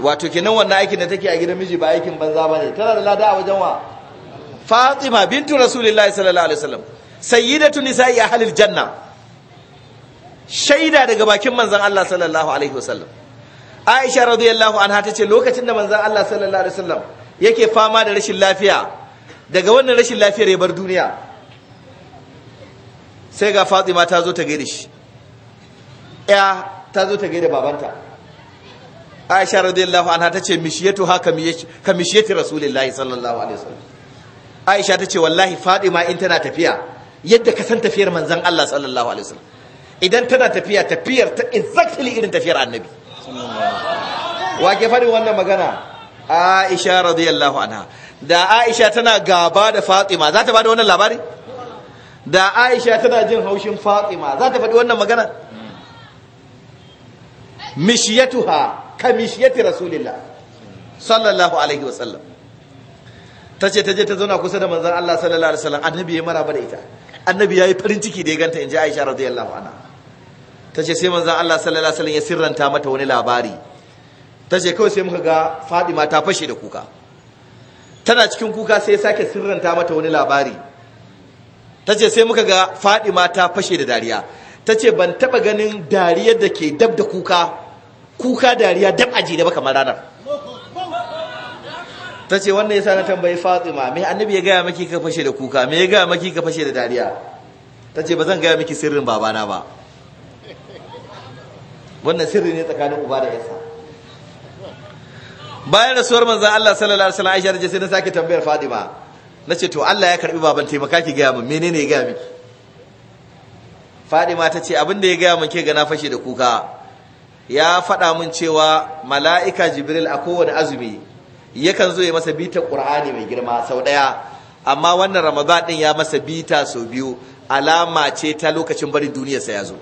wato kenan wannan aikin da take a gidan miji ba aikin banza bane tana da lada a wajen wa Fatima bintu Rasulullahi sallallahu alaihi wasallam sayyidatu nisa'i ahlil janna shaida daga bakin manzon Allah sallallahu alaihi wasallam Aisha radiyallahu anha tace lokacin da manzon Allah sallallahu alaihi wasallam yake fama da rashin lafiya daga wannan rashin lafiyar ya bar duniya sai ga Fatima ta zo ta gaida shi ya ta zo ta gaida babanta aisha radiyallahu anha tace mishiyatu ha kamishiyati sallallahu alaihi wasallam aisha tace wallahi fadima in tana tafiya yadda ka san tafiyar manzon Allah sallallahu alaihi wasallam idan tana tafiya tafiyar ta exactly irin tafiyar annabi wa ke faɗin wannan magana aisha radiyallahu anha da aisha tana gaba da fatima za ta bada wannan labari da aisha tana jin haushin fatima za ta faɗi wannan magana mishiyatuha kamishiyati rasulillah sallallahu alaihi wasallam ta ce ta je ta zauna kusa da manzon Allah sallallahu alaihi wasallam annabi ya maraba da ita annabi yayi farin ciki da ya ganta inji Aisha radiyallahu anha ta ce sai manzon Allah sallallahu alaihi wasallam ya sirranta mata wani labari ta ce kawai sai muka ga Fadima ta fashe da kuka tana cikin kuka sai ya sake sirranta mata wani labari ta ce sai muka ga Fadima ta fashe da dariya ta ce ban taba ganin dariyar da ke dab da kuka kuka dariya dab aji da baka ranar ta ce wannan yasa na tambayi fatima me annabi ya gaya maki ka fashe da kuka me ya gaya maki ka fashe da dariya ta ce ba zan gaya maki sirrin babana ba wannan sirri ne tsakanin uba da yasa bayan rasuwar manzan Allah sallallahu alaihi wasallam Aisha ta ce sai na sake tambayar Fadima ce to Allah ya karbi baban taimaka ki gaya min menene ya gaya miki Fadima ta ce abin da ya gaya min ke gana fashe da kuka ya faɗa min cewa mala'ika jibril a kowane azumi yakan zo ya masa bitar ƙur'ani mai girma sau ɗaya amma wannan ramadan ɗin ya masa bita sau biyu alama ce ta lokacin barin duniyarsa ya zo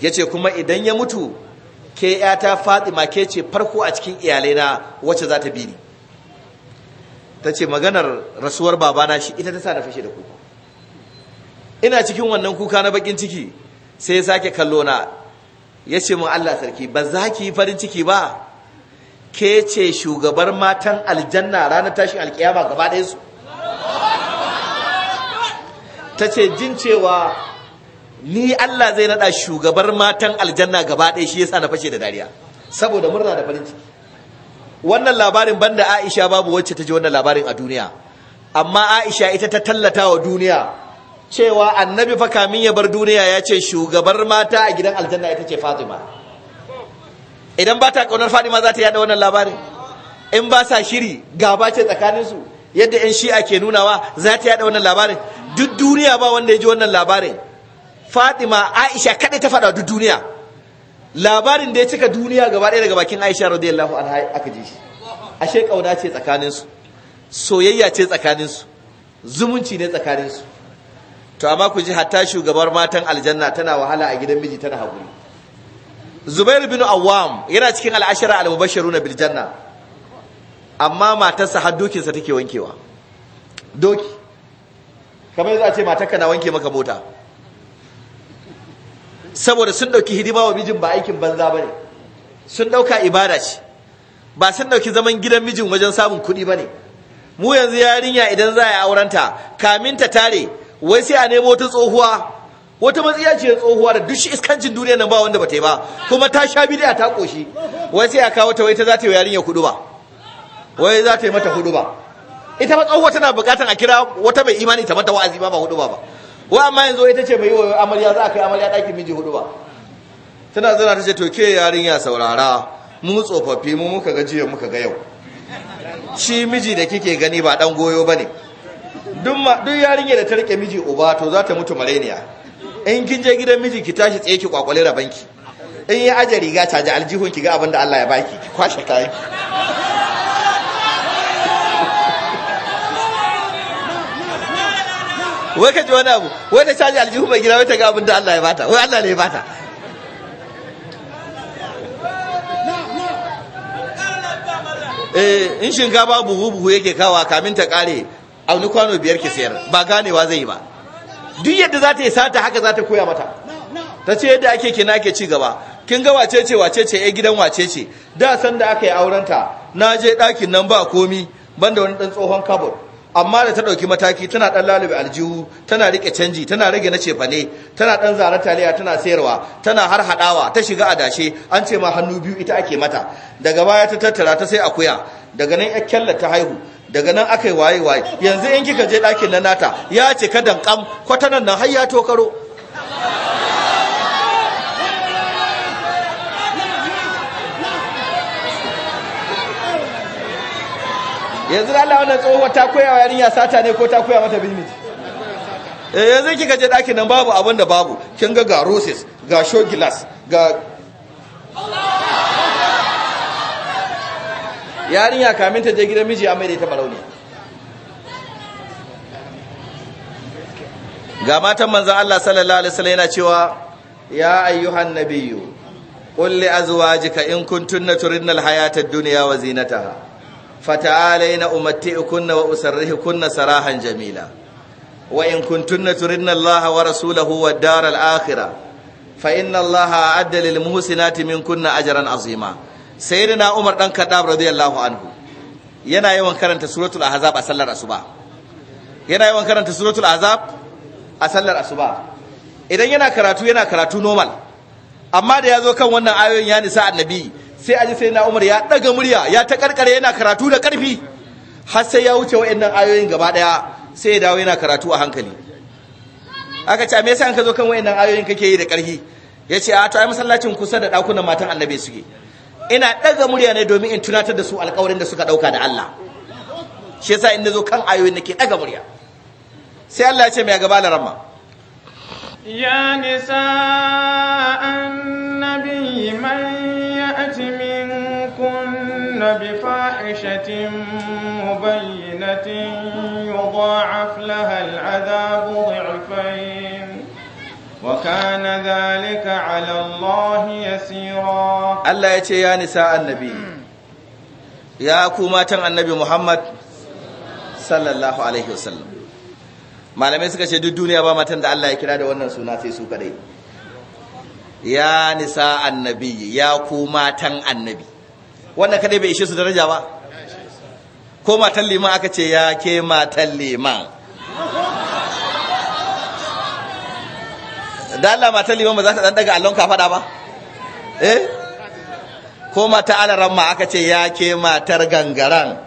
ya ce kuma idan ya mutu ke ta fatima ke ce farko a cikin iyalaina wacce za ta bi ni ta ce maganar rasuwar babana shi ita ta sa na fashe da kuka ina cikin wannan kuka na bakin ciki sai ya sake kallo na ya ce mun Allah sarki ba za ki yi farin ciki ba ke ce shugabar matan aljanna ranar tashin alkiyama gaba ɗaya su ta ce jin cewa ni Allah zai naɗa shugabar matan aljanna gaba ɗaya shi yasa na fashe da dariya saboda murna da farin ciki wannan labarin banda Aisha babu wacce ta ji wannan labarin a duniya amma Aisha ita ta tallata wa duniya cewa annabi fa kamin ya bar duniya ya ce shugabar mata a gidan aljanna ita ce fatima idan ba ta kaunar fatima za ta yada wannan labarin in ba sa shiri gaba ce tsakaninsu yadda 'yan shi'a ke nunawa za ta yada wannan labarin duk duniya ba wanda ya ji wannan labarin fatima aisha kaɗai ta faɗa duk duniya labarin da ya cika duniya gaba ɗaya daga bakin aisha radiyallahu anha aka ji shi ashe ƙauna ce tsakaninsu soyayya ce tsakaninsu zumunci ne tsakaninsu to amma ku ji hatta shugabar matan aljanna tana wahala a gidan miji tana haƙuri zubair bin awam yana cikin al'ashara al-mubashiruna bil janna amma matarsa har dokinsa take wankewa doki kamar yanzu a ce matarka na wanke maka mota saboda sun ɗauki hidima wa mijin ba aikin banza ba ne sun ɗauka ibada ce ba sun ɗauki zaman gidan mijin wajen samun kuɗi ba ne mu yanzu yarinya idan za a aurenta kamin ta tare wai sai a nemo wata tsohuwa wata matsiya ce tsohuwa da duk iskancin duniya nan ba wanda ba ta yi ba kuma ta sha bidiya ta koshi wai sai a kawo ta wai ta za ta yi yarinya hudu ba wai za ta yi mata hudu ba ita fa tsohuwa tana bukatan a kira wata mai imani ta mata wa'azi ba ba hudu ba Wai wa amma yanzu ita ce mai yi wa amarya za a kai amarya ɗakin miji hudu ba tana zana ta ce to ke yarinya saurara mu tsofaffi mu muka ga jiya muka ga yau shi miji da kike gani ba dan goyo bane duk yarinya da ta rike miji uba to za ta mutu mareniya in kin je gidan miji ki tashi tsaye ki kwakwale rabanki in ya aje riga ta ji aljihun ki ga abin da Allah ya baki ki kwashe kayan wai ka ji wani abu wai ta caji aljihun mai gida wai ta ga abin da Allah ya bata wai Allah ne ya bata eh, in shinkafa buhu buhu yake kawa kamin ta kare auni kwano biyar ki sayar ba ganewa zai yi ba duk yadda za ta yi sata haka za ta koya mata ta ce yadda ake kina ke ci gaba kin ga wace ce wace ce ya gidan wace ce da san da aka yi aurenta na je dakin nan ba komi banda wani ɗan tsohon kabur amma da ta ɗauki mataki tana ɗan lalube aljihu tana rike canji tana rage na cefane tana ɗan zara taliya tana sayarwa tana har haɗawa ta shiga adashe an ce ma hannu biyu ita ake mata daga baya ta tattara ta sai akuya daga nan ya kyalla ta haihu daga nan aka yi waye waye yanzu in kika je ɗakin na nata ya ce ka dankam kwatanan nan har ya tokaro yanzu da Allah wannan tsohuwar ta koya wa yarinya sata ne ko ta koya mata bilmiji eh yanzu kika je ɗakin nan babu abin da babu kin ga ga roses ga show glass ga Allah yarinya kamin ta je gidan miji an mai da ita ga matan manzon Allah sallallahu alaihi wasallam yana cewa ya ayyuhan nabiyyu qul li azwajika in kuntunna turidna al-hayata ad-dunya wa zinataha fata'alayna umatti'ukunna wa usarrihukunna sarahan jamila wa in kuntunna turidna Allah wa rasulahu wad-dar al-akhirah fa inna Allah a'adda lil muhsinati minkunna ajran azima sayyidina Umar dan kadab radiyallahu anhu yana yawan karanta suratul ahzab a sallar asuba yana yawan karanta suratul ahzab a sallar asuba idan yana karatu yana karatu normal amma da yazo kan wannan ayoyin ya nisa annabi sai aji sayyidina Umar ya daga murya ya ta karkare yana karatu da karfi har sai ya wuce wayannan ayoyin gaba daya sai ya dawo yana karatu a hankali aka ce me yasa an ka zo kan wayannan ayoyin kake yi da karfi yace a to ai masallacin kusa da dakunan matan annabi suke ina ɗaga murya ne domin in tunatar da su alkawarin da suka ɗauka da Allah shi yasa in nazo kan ayoyin nake ɗaga murya sai Allah ya ce mai gaba larama ya nisa annabi man ya'ti minkum bi fahishatin mubayyinatin yudha'af laha al'adabu dhi'fayn وكان ذلك على الله يسيرا الله يتي يا نساء النبي يا كوماتن النبي محمد صلى الله عليه وسلم malamai suka ce duk duniya ba matan da Allah ya kira da wannan suna sai su kadai ya nisa annabi ya ku matan annabi wannan kadai bai ishe su daraja ba ko matan liman aka ce ya ke matan liman da Allah matar liman ba za ta dan daga allon ka fada ba eh ko mata alaran ma aka ce ya ke matar gangaran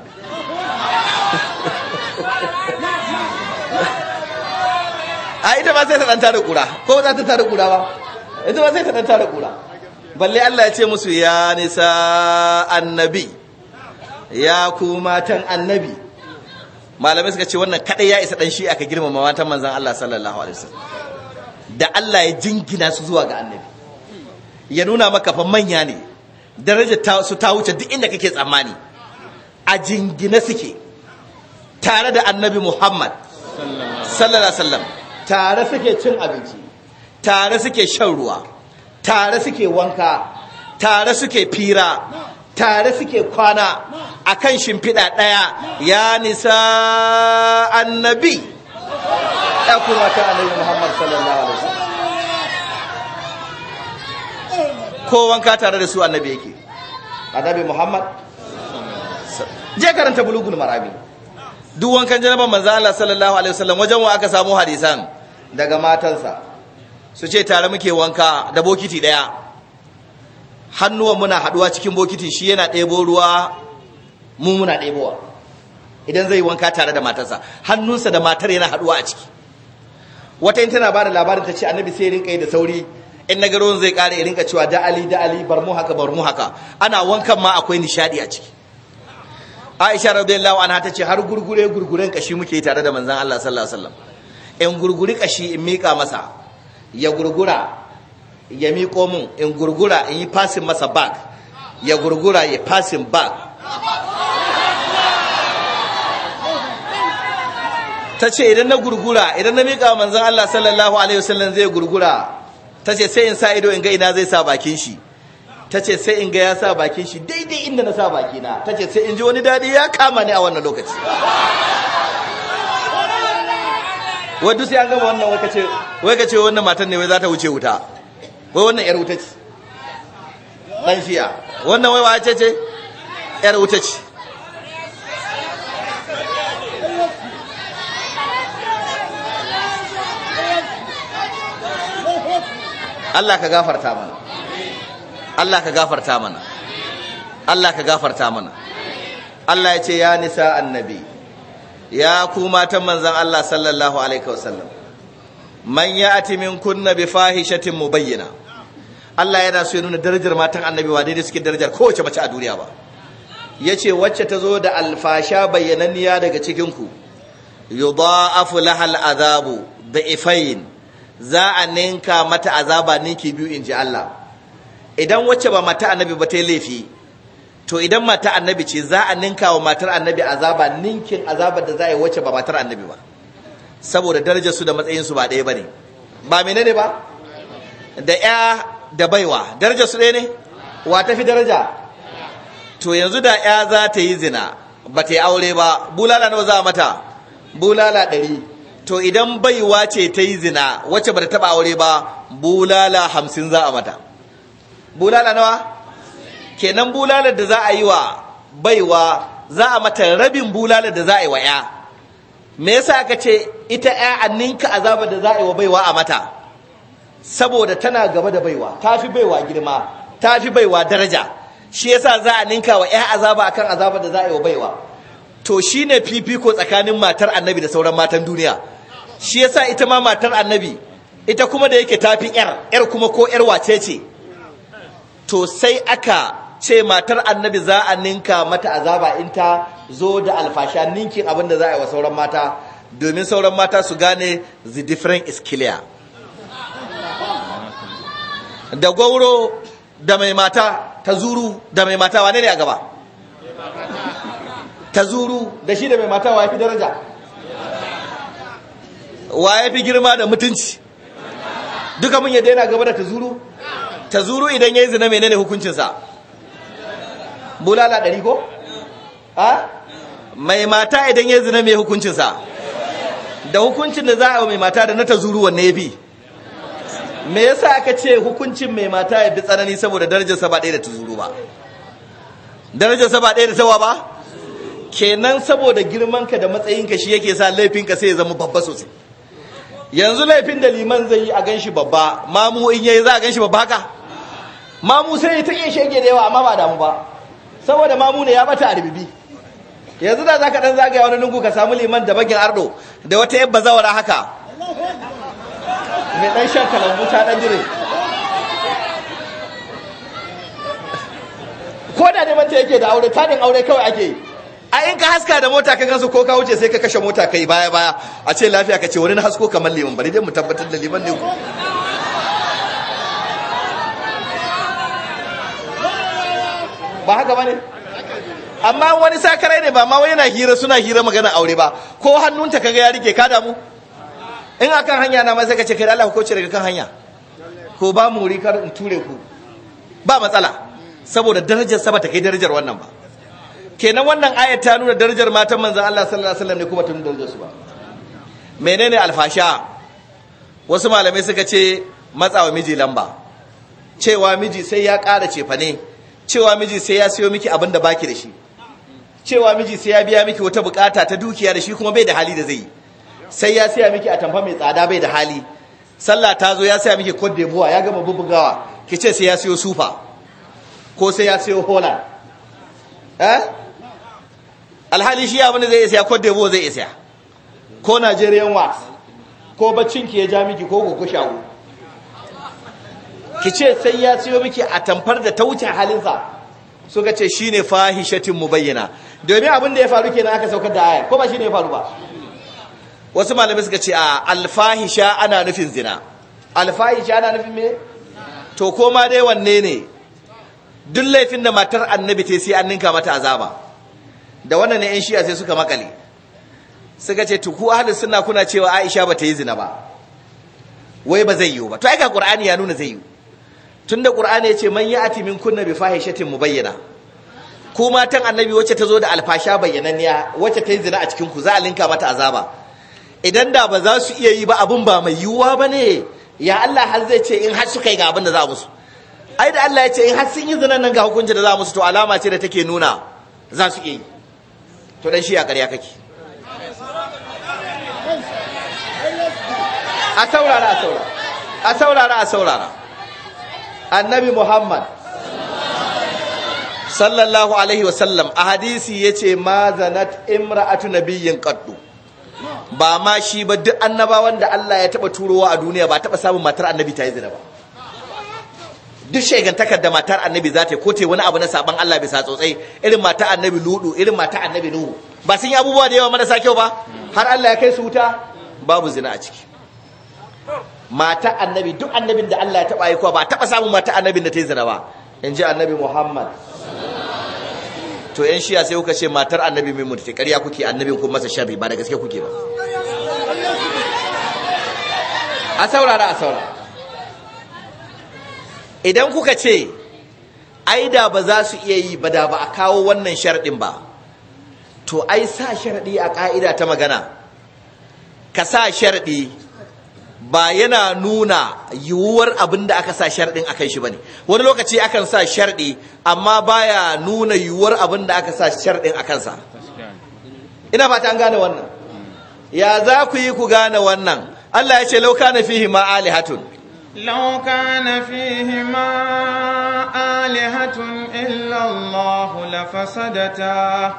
a [laughs] ita ba sai ta dan tare kura ko za ta tare kura ba ita ba sai ta dan tare kura balle Allah ya ce musu ya nisa annabi ya ku matan annabi malamai suka ce wannan kadai ya isa dan shi aka girmama matan manzon Allah sallallahu alaihi wasallam da Allah ya jingina su zuwa ga annabi ya nuna maka fa manya ne daraja su ta wuce duk inda kake tsammani a jingina suke tare da annabi Muhammad sallallahu alaihi wasallam tare suke cin abinci tare suke shan ruwa tare suke wanka tare suke fira tare suke kwana akan shimfiɗa ɗaya ya nisa annabi ɗaku mata annabi Muhammad sallallahu alaihi wasallam ko wanka tare da su annabi yake annabi Muhammad je karanta bulugul marami duk wankan janaban manzo Allah sallallahu alaihi wasallam wajen wa aka samu hadisan daga matansa su ce tare muke wanka da bokiti daya hannuwan muna haduwa cikin bokitin shi yana ɗebo ruwa mu muna ɗebowa idan zai wanka tare da matarsa hannunsa da matar yana haduwa a ciki wata yin tana bada labarin ta ce annabi sai rinka yi da sauri in na garon zai kare rinka cewa da ali da ali bar mu haka bar mu haka ana wankan ma akwai nishadi a ciki Aisha radiyallahu anha ce har gurgure gurguren kashi muke tare da manzon Allah sallallahu alaihi wasallam in gurguri kashi in mika masa ya gurgura ya miko mun in gurgura in yi passing masa back ya gurgura ya passing back ta ce idan na gurgura idan na miƙa manzan Allah sallallahu alaihi wasallam zai gurgura ta ce sai in sa ido in ga ina zai sa bakin shi ta ce sai in ga ya sa bakin shi daidai inda na sa bakina ta ce sai in ji wani daɗi ya kama ni a wannan lokaci wadda sai an gama wannan wai ka ce wannan matan ne wai za ta wuce wuta wai wannan yar wuta ce ɗan shiya wannan wai wa ce ce yar wuta ce Allah ka gafarta mana Allah ka gafarta mana Allah ka gafarta mana Allah ya ce ya nisa annabi ya ku matan manzon Allah sallallahu alaihi wasallam man ya'ti min kunna bi fahishatin mubayyana Allah yana so ya nuna darajar matan annabi wa daidai suke darajar kowace mace a duniya ba yace wacce ta zo da alfasha bayyananniya daga cikin ku yudha'afu lahal azabu da ifayn za a ninka mata azaba ninki biyu in ji Allah idan wacce ba mata annabi ba ta yi laifi to idan mata annabi ce za a ninka wa matar annabi azaba ninkin azabar da za a yi wacce ba matar annabi ba saboda darajar su da matsayin su ba ɗaya bane ba menene ba da ya da baiwa darajar su ɗaya ne wa tafi daraja to yanzu da ya za ta yi zina ba ta yi aure ba bulala nawa za a mata bulala ɗari to idan baiwa ce ta yi zina wacce ba ta taɓa aure ba bulala hamsin za a mata bulala nawa kenan bulalar da za a yi wa baiwa za a mata rabin bulalar da za a yi wa 'ya me yasa aka ce ita 'ya a ninka azabar da za a yi wa baiwa a mata saboda tana gaba da baiwa ta fi baiwa girma ta fi baiwa daraja shi yasa za a ninka wa 'ya azaba akan azabar da za a yi wa baiwa to shine fifiko tsakanin matar annabi da sauran matan duniya shi yasa ita ma matar annabi ita kuma da yake tafi yar yar kuma ko yar wace ce to sai aka ce matar annabi za a ninka mata azaba in ta zo da alfasha ninkin abin da za a yi wa sauran mata domin sauran mata su gane the different is clear da gwauro da mai mata ta zuru da mai mata wane ne a gaba ta zuru da shi da mai mata wa fi daraja wa ya fi girma da mutunci duka mun yadda yana gaba da tazuru tazuru idan ya yi zina mai nane hukuncinsa bulala ɗari ko? ha? mai mata idan ya yi zina mai hukuncinsa da hukuncin da za a mai mata da na tazuru wanne ya bi me yasa aka ce hukuncin mai mata ya bi tsanani saboda darajarsa ba ɗaya da tazuru ba darajarsa ba ɗaya da tawa ba kenan saboda girmanka da matsayinka shi yake sa laifinka sai ya zama babba sosai yanzu laifin da liman zai yi a ganshi babba mamu in yayi za a ganshi babba haka mamu sai ya take yake da yawa amma ba damu ba saboda mamu ne ya bata a ribibi. yanzu da zaka dan zagaya wani lungu ka samu liman da bagin ardo da wata yabba zawara haka mai dan shan kalambu ta dan dire ko da ne mace yake da aure tanin aure kawai ake yi a in ka haska da mota kan gansu ko ka wuce sai ka kashe mota kai baya baya a ce lafiya ka ce wani na hasko kamar liman bari dai mu tabbatar da liman ne ku ba haka bane amma wani sakarai ne ba ma wai yana hira suna hira magana aure ba ko hannunta kaga ya rike ka damu in akan hanya na ma sai ka ce kai Allah ko ce daga kan hanya ko ba mu wuri kar in ture ku ba matsala saboda darajar sa ba ta kai darajar wannan ba kenan wannan ayat ta nuna darajar matan manzan Allah sallallahu alaihi wasallam ne kuma tun darajar su ba menene alfasha wasu malamai suka ce matsawa miji lamba cewa miji sai ya ƙara cefa ne cewa miji sai ya siyo miki abin da baki da shi cewa miji sai ya biya miki wata bukata ta dukiya da shi kuma bai da hali da zai sai ya siya miki a tamfa mai tsada bai da hali sallah ta zo ya siya miki da buwa ya gama bubugawa ki ce sai ya siyo sufa ko sai ya siyo Holland eh alhali shi abin da zai isa ko debo zai isa ko nigerian wax ko baccin ki ya ja miki ko koko shawo ki ce sai ya siyo miki a tamfar da ta wuce halinsa ka ce shine fahishatin mubayyana domin abin da ya faru kenan aka saukar da aya ko ba shine ya faru ba wasu malamai suka ce a alfahisha ana nufin zina alfahisha ana nufin me to koma dai wanne ne duk laifin da matar annabi ta yi sai an ninka mata azaba da wannan ne yan shi'a sai suka makale suka ce tuku ahlus sunna kuna cewa Aisha ba ta yi zina ba wai ba zai yiwu ba to ai ka Qur'ani ya nuna zai yiwu tunda ƙur'ani ya ce man ya'ti min kunna bi fahishatin bayyana, ko matan annabi wacce ta zo da alfasha bayyananniya wacce ta yi zina a cikin ku za a linka mata azaba idan da ba za su iya yi ba abin ba mai yiwuwa ba ne ya Allah har zai ce in har suka yi ga abin da za musu ai da Allah ya ce in har sun yi zina nan ga hukunci da za musu to alama ce da take nuna za su iya yi to dan shi ya ƙarya kake a saurara a saurara a saurara a saurara annabi muhammad sallallahu alaihi wasallam a hadisi ya ce ma zanat imra'atu nabiyyin qaddu ba ma shi ba duk annabawan da Allah ya taba turowa a duniya ba taba samun matar annabi ta yi zina ba duk shegantakar da matar annabi za ta yi ko ta wani abu na saban Allah bisa tsotsai irin mata annabi ludu irin mata annabi nuhu ba sun yi abubuwa da yawa marasa kyau ba har Allah ya kai su wuta babu zina a ciki mata annabi duk annabin da Allah ya taba kowa ba taba samun mata annabin da ta yi zina ba in ji annabi Muhammad to yan shiya sai kuka ce matar annabi mai mutu karya kuke annabin kun masa shabi ba da gaske kuke ba a saurara a saurara idan kuka ce ai da ba za su iya yi ba da ba a kawo wannan sharɗin ba to ai sa sharɗi a ƙa'ida ta magana ka sa sharɗi ba yana nuna yiwuwar abin da aka sa sharɗin a kai shi ba ne wani lokaci akan sa sharɗi amma baya nuna yiwuwar abin da aka sa sharɗin a kansa ina fata an gane wannan ya za ku yi ku gane wannan Allah ya ce lauka na fihi ma alihatun لو كان فيهما آلهة إلا الله لفسدتا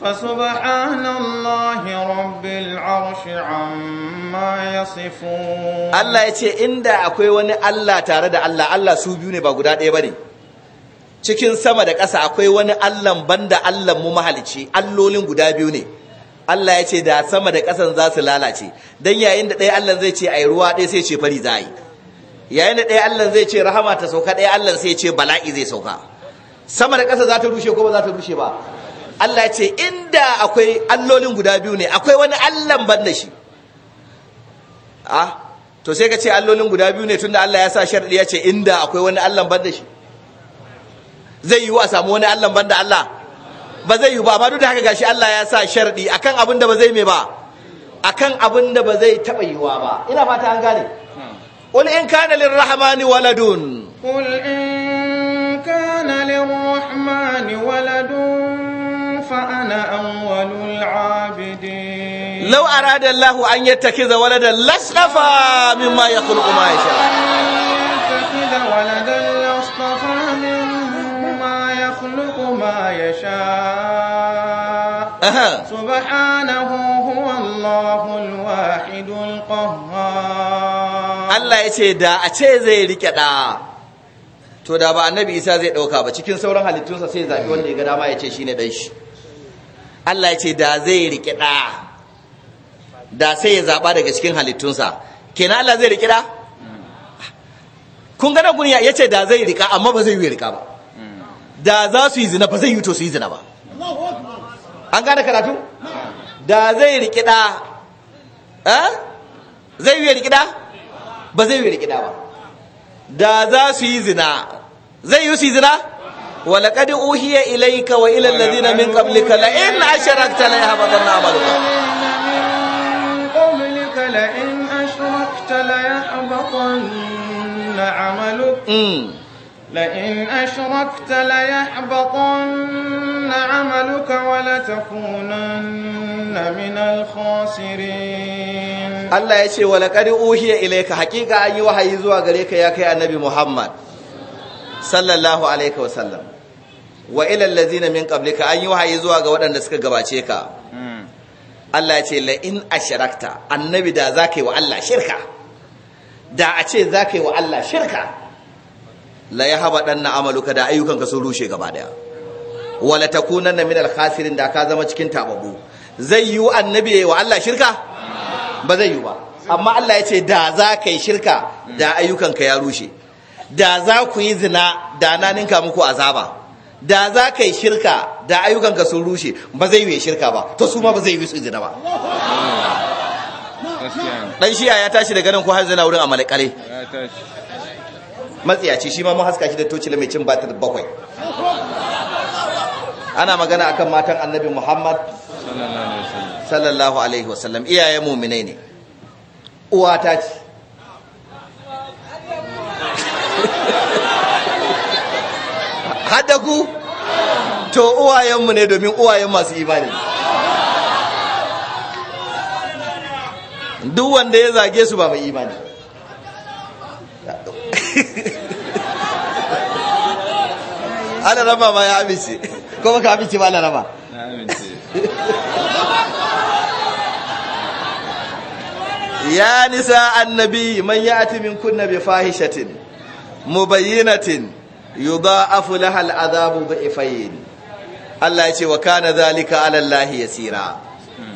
فسبحان الله رب العرش عما يصفون الله يتي إندا Allah وني الله biyu الله الله guda بغداد bane cikin sama da ƙasa akwai wani allan banda allan mu mahalicci allolin guda biyu ne Allah yace da sama da ƙasan za su lalace dan yayin da ɗaya allan zai ce a yi ruwa ɗaya sai ce fari za a yi yayin da ɗaya Allah zai ce rahama ta sauka ɗaya Allah sai ce bala'i zai sauka sama da ƙasa za ta rushe ko ba za ta rushe ba Allah ya ce inda akwai allolin guda biyu ne akwai wani Allah ban da shi ah to sai ka ce allolin guda biyu ne tunda Allah ya sa sharadi ya ce inda akwai wani Allah ban da shi zai yiwu a samu wani Allah ban da Allah ba zai yiwu ba amma duk da haka gashi Allah ya sa sharadi akan abin da ba zai me ba akan abin da ba zai taɓa yiwa ba ina fata an gane قل إن كان للرحمن ولد قل إن كان للرحمن ولد فأنا أول العابدين لو أراد الله أن يتخذ ولدا لاصطفى مما يخلق ما يشاء يتخذ ولدا لاصطفى مما يخلق ما يشاء أه. سبحانه هو الله الواحد القهار Allah ya ce da a ce zai rike ɗa to da ba annabi isa zai ɗauka ba cikin sauran halittunsa sai zaɓi wanda ya ga dama ya ce shi ne shi Allah ya ce da zai rike ɗa da sai ya zaɓa daga cikin halittunsa kenan Allah zai rike ɗa kun gana kun ya ce da zai rika amma ba zai yi rika ba da za su yi zina ba zai yi to su yi zina ba an gane karatu da zai rike ɗa eh? zai yi rike ɗa ba zai yi rikida ba da za su yi zina zai yi su yi zina walakadi uhiya ilaika wa ilal ladina min qablika la in asharakta la yahbatanna amaluka لئن أشركت ليحبطن عملك ولتكونن من الخاسرين Allah ya ce wala laqad uhiya ilaika haqiqa an yi wahayi zuwa gare ka ya kai annabi Muhammad sallallahu alaihi wa sallam wa ila allazina min qablika an yi wahayi zuwa ga waɗanda suka gabace ka hmm. Allah ya ce la in asharakta annabi da zakai wa Allah shirka da a ce zakai wa Allah shirka la yahbadanna amaluka da ayyukanka sun rushe gaba daya wala takunanna min al-khasirin da ka zama cikin tababu zai yi annabi wa Allah shirka ba zai yi ba amma Allah ya ce da za ka yi shirka da ayyukanka ya rushe da za ku yi zina da na ninka muku azaba da za ka yi shirka da ayyukanka sun rushe ba zai yi shirka ba to su ma ba zai yi su zina ba dan shiya ya tashi daga nan ko har zina wurin amalikale matsiyaci shi ma mun haska shi da tocila mai cin batir bakwai ana magana akan matan annabi muhammad sallallahu alaihi wasallam sallallahu alaihi wasallam iyayen muminai ne uwata ce [laughs] haddaku to uwayenmu ne domin uwayen masu imani duk wanda ya zage su ba mai imani [laughs] ana raba ma ya amince kuma ka amince ba ana raba [laughs] ya nisa annabi man ya'ti min kunna bi fahishatin mubayyinatin yudha'afu laha al'adabu bi'ifayn Allah ya ce wa kana a 'ala Allah yasira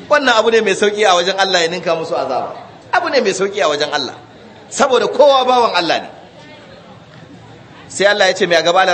wannan abu ne mai sauki a wajen Allah ya ninka musu azaba abu ne mai sauki a wajen Allah saboda kowa bawan Allah ne sai Allah gaba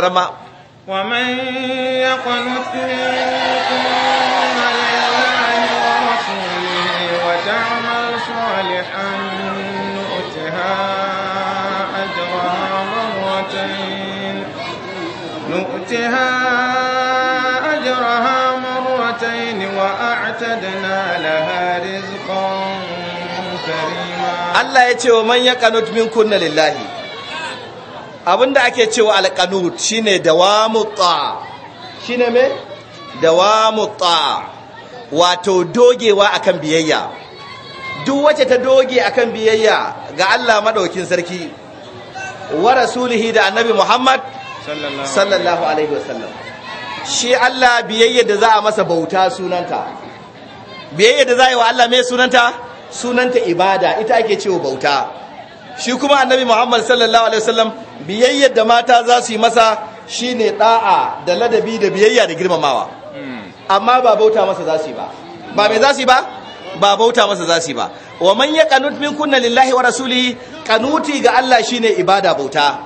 Allah ya ce wa kanut min kunna lillahi abinda ake cewa alkanut shine dawamu ta shine me dawamu ta wato dogewa akan biyayya duk wacce ta doge akan biyayya ga Allah madaukin sarki wa rasulihi da annabi Muhammad sallallahu alaihi wasallam shi Allah biyayya da za a masa bauta sunanta biyayya da za yi wa Allah mai sunanta sunanta ibada ita ake cewa bauta shi kuma annabi muhammad sallallahu alaihi wasallam biyayya da mata za su yi masa shine da'a da ladabi da biyayya da girmamawa amma ba bauta masa za su yi ba ba mai za su yi ba ba bauta masa za su yi ba wa man ya kanut min kunna lillahi wa rasuli kanuti ga Allah shine ibada bauta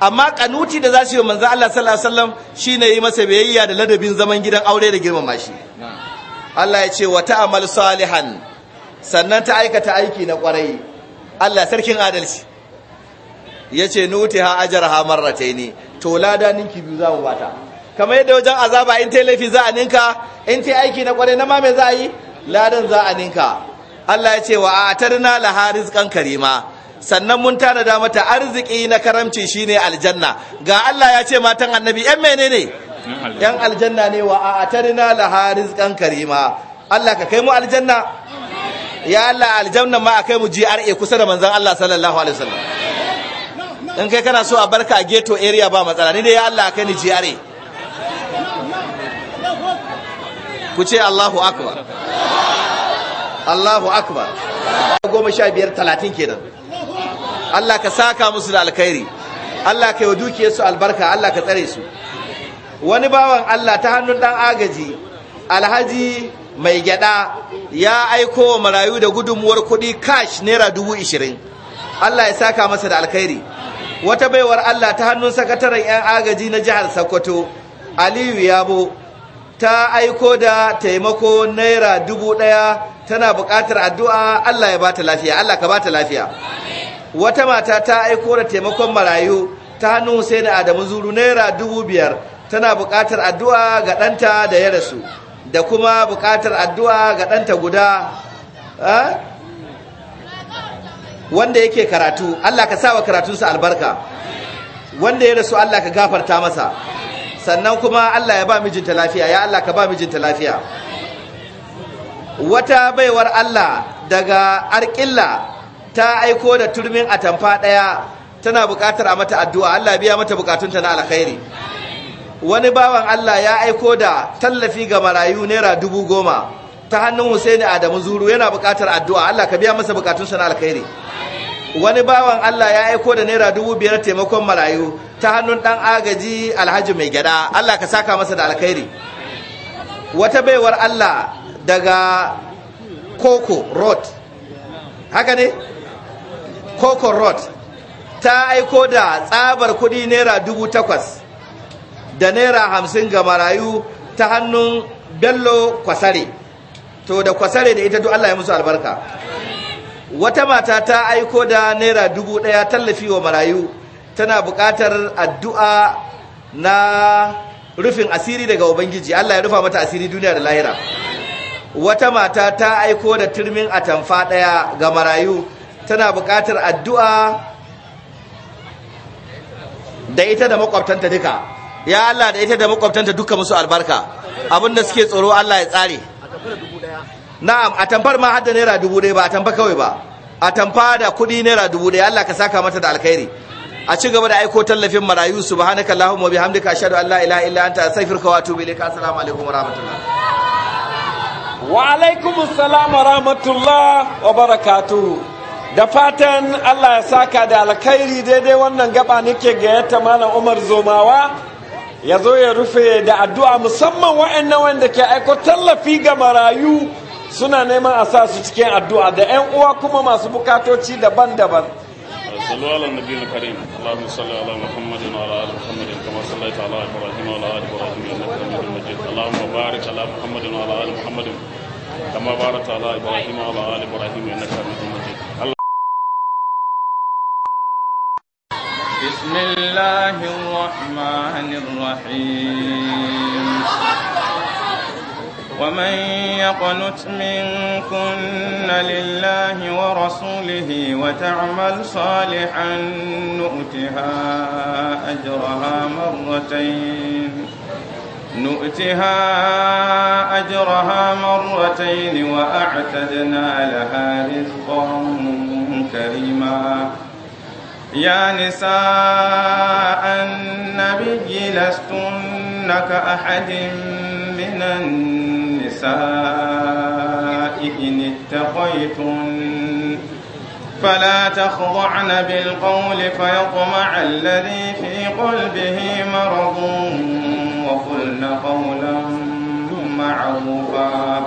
amma kanuti da za su yi manzo Allah sallallahu alaihi wasallam shine yi masa biyayya da ladabin zaman gidan aure da girmama shi Allah ya ce wa ta'amal salihan sannan ta aikata aiki na kwarai Allah sarkin adalci Ya ce ajar ha ajraha ne. to lada ninki biyu za mu bata kamar yadda wajen azaba in ta laifi za a ninka in ta aiki na kwarai na ma me za a yi ladan za a ninka Allah ya ce wa na Laharis, kan karima sannan mun tanada mata arziki na karamci shine aljanna ga Allah ya ce matan annabi yan menene yan aljanna ne wa a'tarina laha kan karima Allah ka kai mu aljanna ya Allah aljanna ma a kai mu GRA kusa da manzan Allah sallallahu alaihi wasallam in kai kana so a barka a ghetto area ba matsala ni dai ya Allah kai ni GRA ku ce Allahu akbar Allahu akbar goma sha biyar talatin kenan Allah ka saka musu da alkhairi Allah ka yi wa dukiyarsu albarka Allah ka tsare su wani bawan Allah ta hannun ɗan agaji alhaji mai gyada ya aiko wa marayu da gudunmuwar kuɗi kash naira dubu ishirin Allah ya saka masa da alkhairi wata baiwar Allah ta hannun sakataren 'yan agaji na jihar Sokoto Aliyu Yabo ta aiko da taimako naira dubu ɗaya tana buƙatar addu'a Allah ya bata lafiya Allah ka bata lafiya wata mata ta aiko da taimakon marayu ta hannun Hussein Adamu Zuru naira dubu biyar tana buƙatar addu'a ga ɗanta da ya rasu da kuma buƙatar addu'a ga ɗanta guda wanda yake karatu Allah ka sawa karatunsa albarka wanda ya rasu Allah ka gafarta masa sannan kuma Allah ya ba mijinta lafiya ya Allah ka ba mijinta lafiya wata baiwar Allah daga Arƙilla ta aiko da turmin atamfa ɗaya tana buƙatar a mata addu'a Allah biya mata buƙatunta na alkhairi wani bawan Allah ya aiko da tallafi ga marayu naira dubu goma ta hannun Husaini Adamu Zuru yana bukatar addu'a Allah ka biya masa bukatun sana' alkhairi wani bawan Allah ya aiko da naira dubu biyar taimakon marayu ta hannun ɗan agaji alhaji mai gyada Allah ka saka masa da alkhairi wata baiwar Allah daga coco Road haka ne coco Road ta aiko da tsabar kudi naira dubu takwas da naira hamsin ga marayu ta hannun bello kwasare to da kwasare da ita duk Allah ya musu albarka wata mata ta aiko da naira dubu daya tallafi wa marayu tana bukatar addu'a na rufin asiri daga ubangiji Allah ya rufa mata asiri duniya da lahira wata mata ta aiko da turmin atamfa daya ga marayu tana bukatar addu'a da ita da makwabtanta duka ya Allah da ita da makwabtanta duka musu albarka abinda suke tsoro Allah ya tsare na'am a tamfar ma hadda naira dubu ɗaya ba a tamfa kawai ba a tamfa da kuɗi naira dubu ɗaya Allah ka saka mata da alkhairi a ci gaba da aiko tallafin marayu subhanaka allahumma bihamdika ashhadu an la ilaha illa anta astaghfiruka wa atubu ilayka assalamu alaikum wa rahmatullah wa alaikum assalam wa rahmatullah wa barakatuh da fatan Allah ya saka da alkhairi daidai wannan gaba nake gayyata malam Umar Zomawa ya zo ya rufe da addu'a musamman wa'annan wanda ke aiko tallafi ga marayu suna neman a sa su cikin addu'a da 'yan uwa kuma masu bukatoci daban-daban kama barata ala wa ala ali ibrahim بسم الله الرحمن الرحيم ومن يقنت منكن لله ورسوله وتعمل صالحا نؤتها أجرها مرتين نؤتها أجرها مرتين وأعتدنا لها رزقا كريما يا نساء النبي لستن كأحد من النساء إن اتقيتن فلا تخضعن بالقول فيطمع الذي في قلبه مرض وقلن قولا معروفا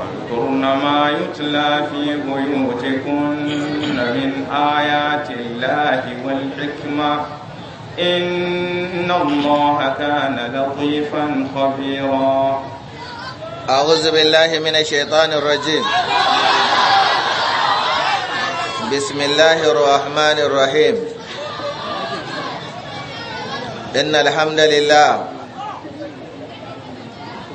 واذكرن ما يتلى في بيوتكن من آيات الله والحكمة إن الله كان لطيفا خبيرا أعوذ بالله من الشيطان الرجيم بسم الله الرحمن الرحيم إن الحمد لله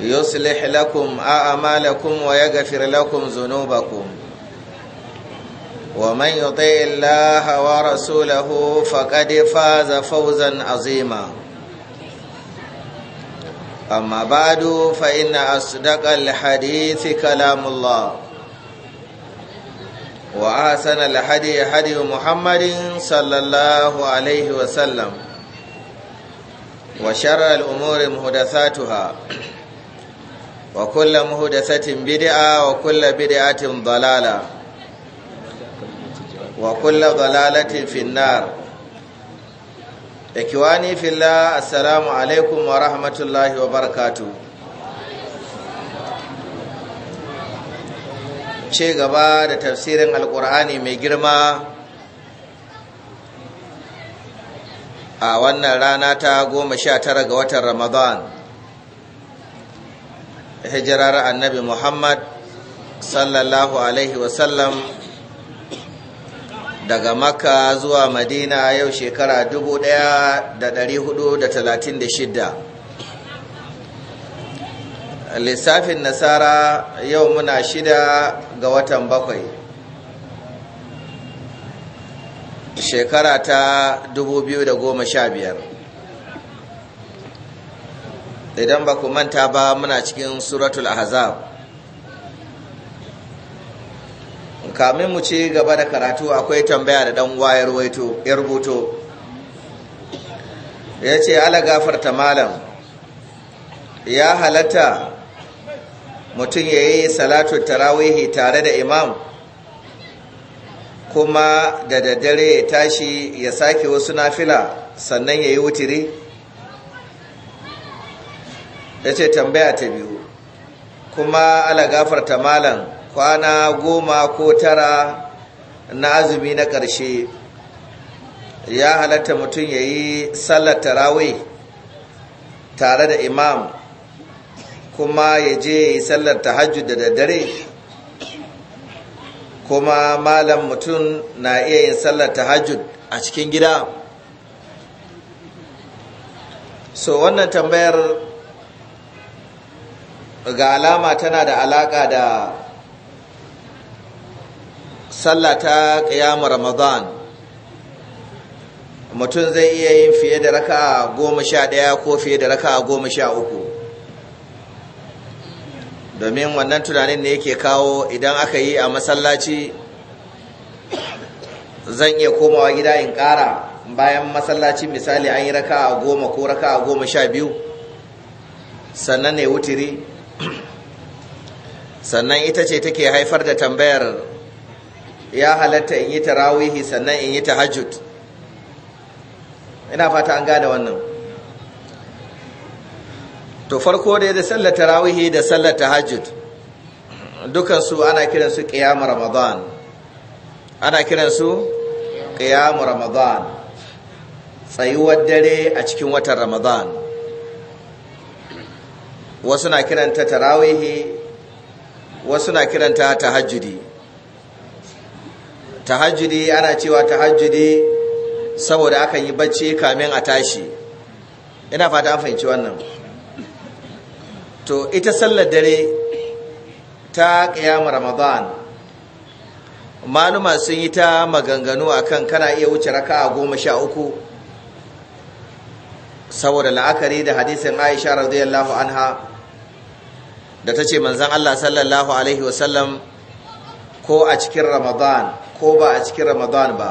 يصلح لكم أعمالكم ويغفر لكم ذنوبكم ومن يطع الله ورسوله فقد فاز فوزا عظيما أما بعد فإن أصدق الحديث كلام الله وأحسن الحدي حدي محمد صلى الله عليه وسلم وشر الأمور محدثاتها wa kulla muhdathatin bid'a wa kulla bid'atin dalala wa kulla dalalatin finnar ikwani fillah assalamu alaikum wa rahmatullahi wa Ci gaba da tafsirin alqur'ani mai girma a wannan rana ta goma sha tara ga watan ramadan Hijrar annabi muhammad sallallahu alaihi wasallam daga makka zuwa madina yau shekara 1436 lissafin nasara yau muna shida ga watan bakwai shekara ta 2015 idan ba ku manta ba muna cikin suratul ahzab kamin mu ci gaba da karatu akwai tambaya da dan wayar waito ya rubuto ya ce ala gafarta malam ya halatta mutum ya yi salatu tarawihi tare da imam kuma da daddare ya tashi ya sake wasu nafila sannan ya yi wutiri ya ce tambaya ta biyu kuma ala gafarta malam kwana goma ko tara na azumi na ƙarshe ya halatta mutum ya yi sallar tarawih tare da imam kuma ya je ya yi sallar tahajjud da daddare kuma malam mutum na iya yin sallar tahajjud a cikin gida so wannan tambayar ga alama tana da alaƙa da sallah ta ƙiyamar ramadan mutum zai iya yin fiye da raka goma sha ɗaya ko fiye da raka goma sha uku domin wannan tunanin ne yake kawo idan aka yi a masallaci zan iya komawa gida in ƙara bayan masallaci misali an yi raka goma ko raka goma sha biyu sannan ne wutiri sannan ita ce take haifar da tambayar ya halatta in yi tarawihi sannan in yi tahajjud ina fata an gada wannan to farko dai da sallar tarawihi da sallar tahajjud dukansu ana kiransu qiyamu ramadan ana kiransu qiyamu ramadan tsayuwar dare a cikin watan ramadan wasu na kiranta tarawihi wasu na kiranta tahajjudi tahajjudi ana cewa tahajjudi saboda akan yi bacci kamin a tashi ina fata an fahimci wannan to ita sallar dare ta kiyama ramadan maluma sun yi ta maganganu akan kana iya wuce raka a goma sha uku saboda la'akari da hadisin aisha radiyallahu anha da ta ce manzan Allah sallallahu alaihi wasallam ko a cikin ramadan ko ba a cikin ramadan ba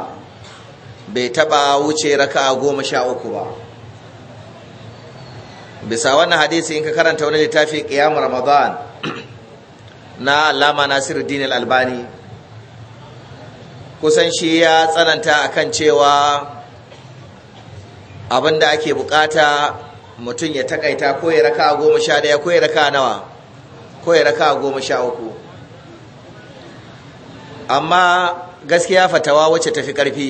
bai taba wuce raka goma sha uku ba bisa wannan hadisi in ka karanta wani littafi ƙiyamu ramadan na alama dinil albani kusan shi ya tsananta akan cewa abinda ake bukata mutum ya takaita ko ya raka goma sha daya ko ya raka nawa ko ya raka goma sha uku amma gaskiya fatawa wacce tafi karfi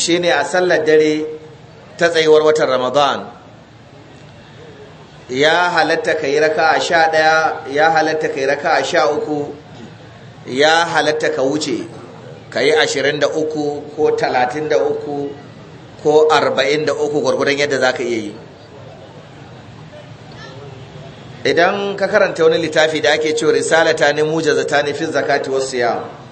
shine a sallar dare ta tsayuwar watan ramadan ya halatta ka yi raka a sha ɗaya ya halatta ka yi raka a sha uku ya halatta ka wuce ka yi ashirin da uku ko talatin da uku ko arba'in da uku gwargwadon yadda za ka iya yi idan ka karanta wani littafi da ake cewa risalata ne mujazata ne fi zakati wasu yawon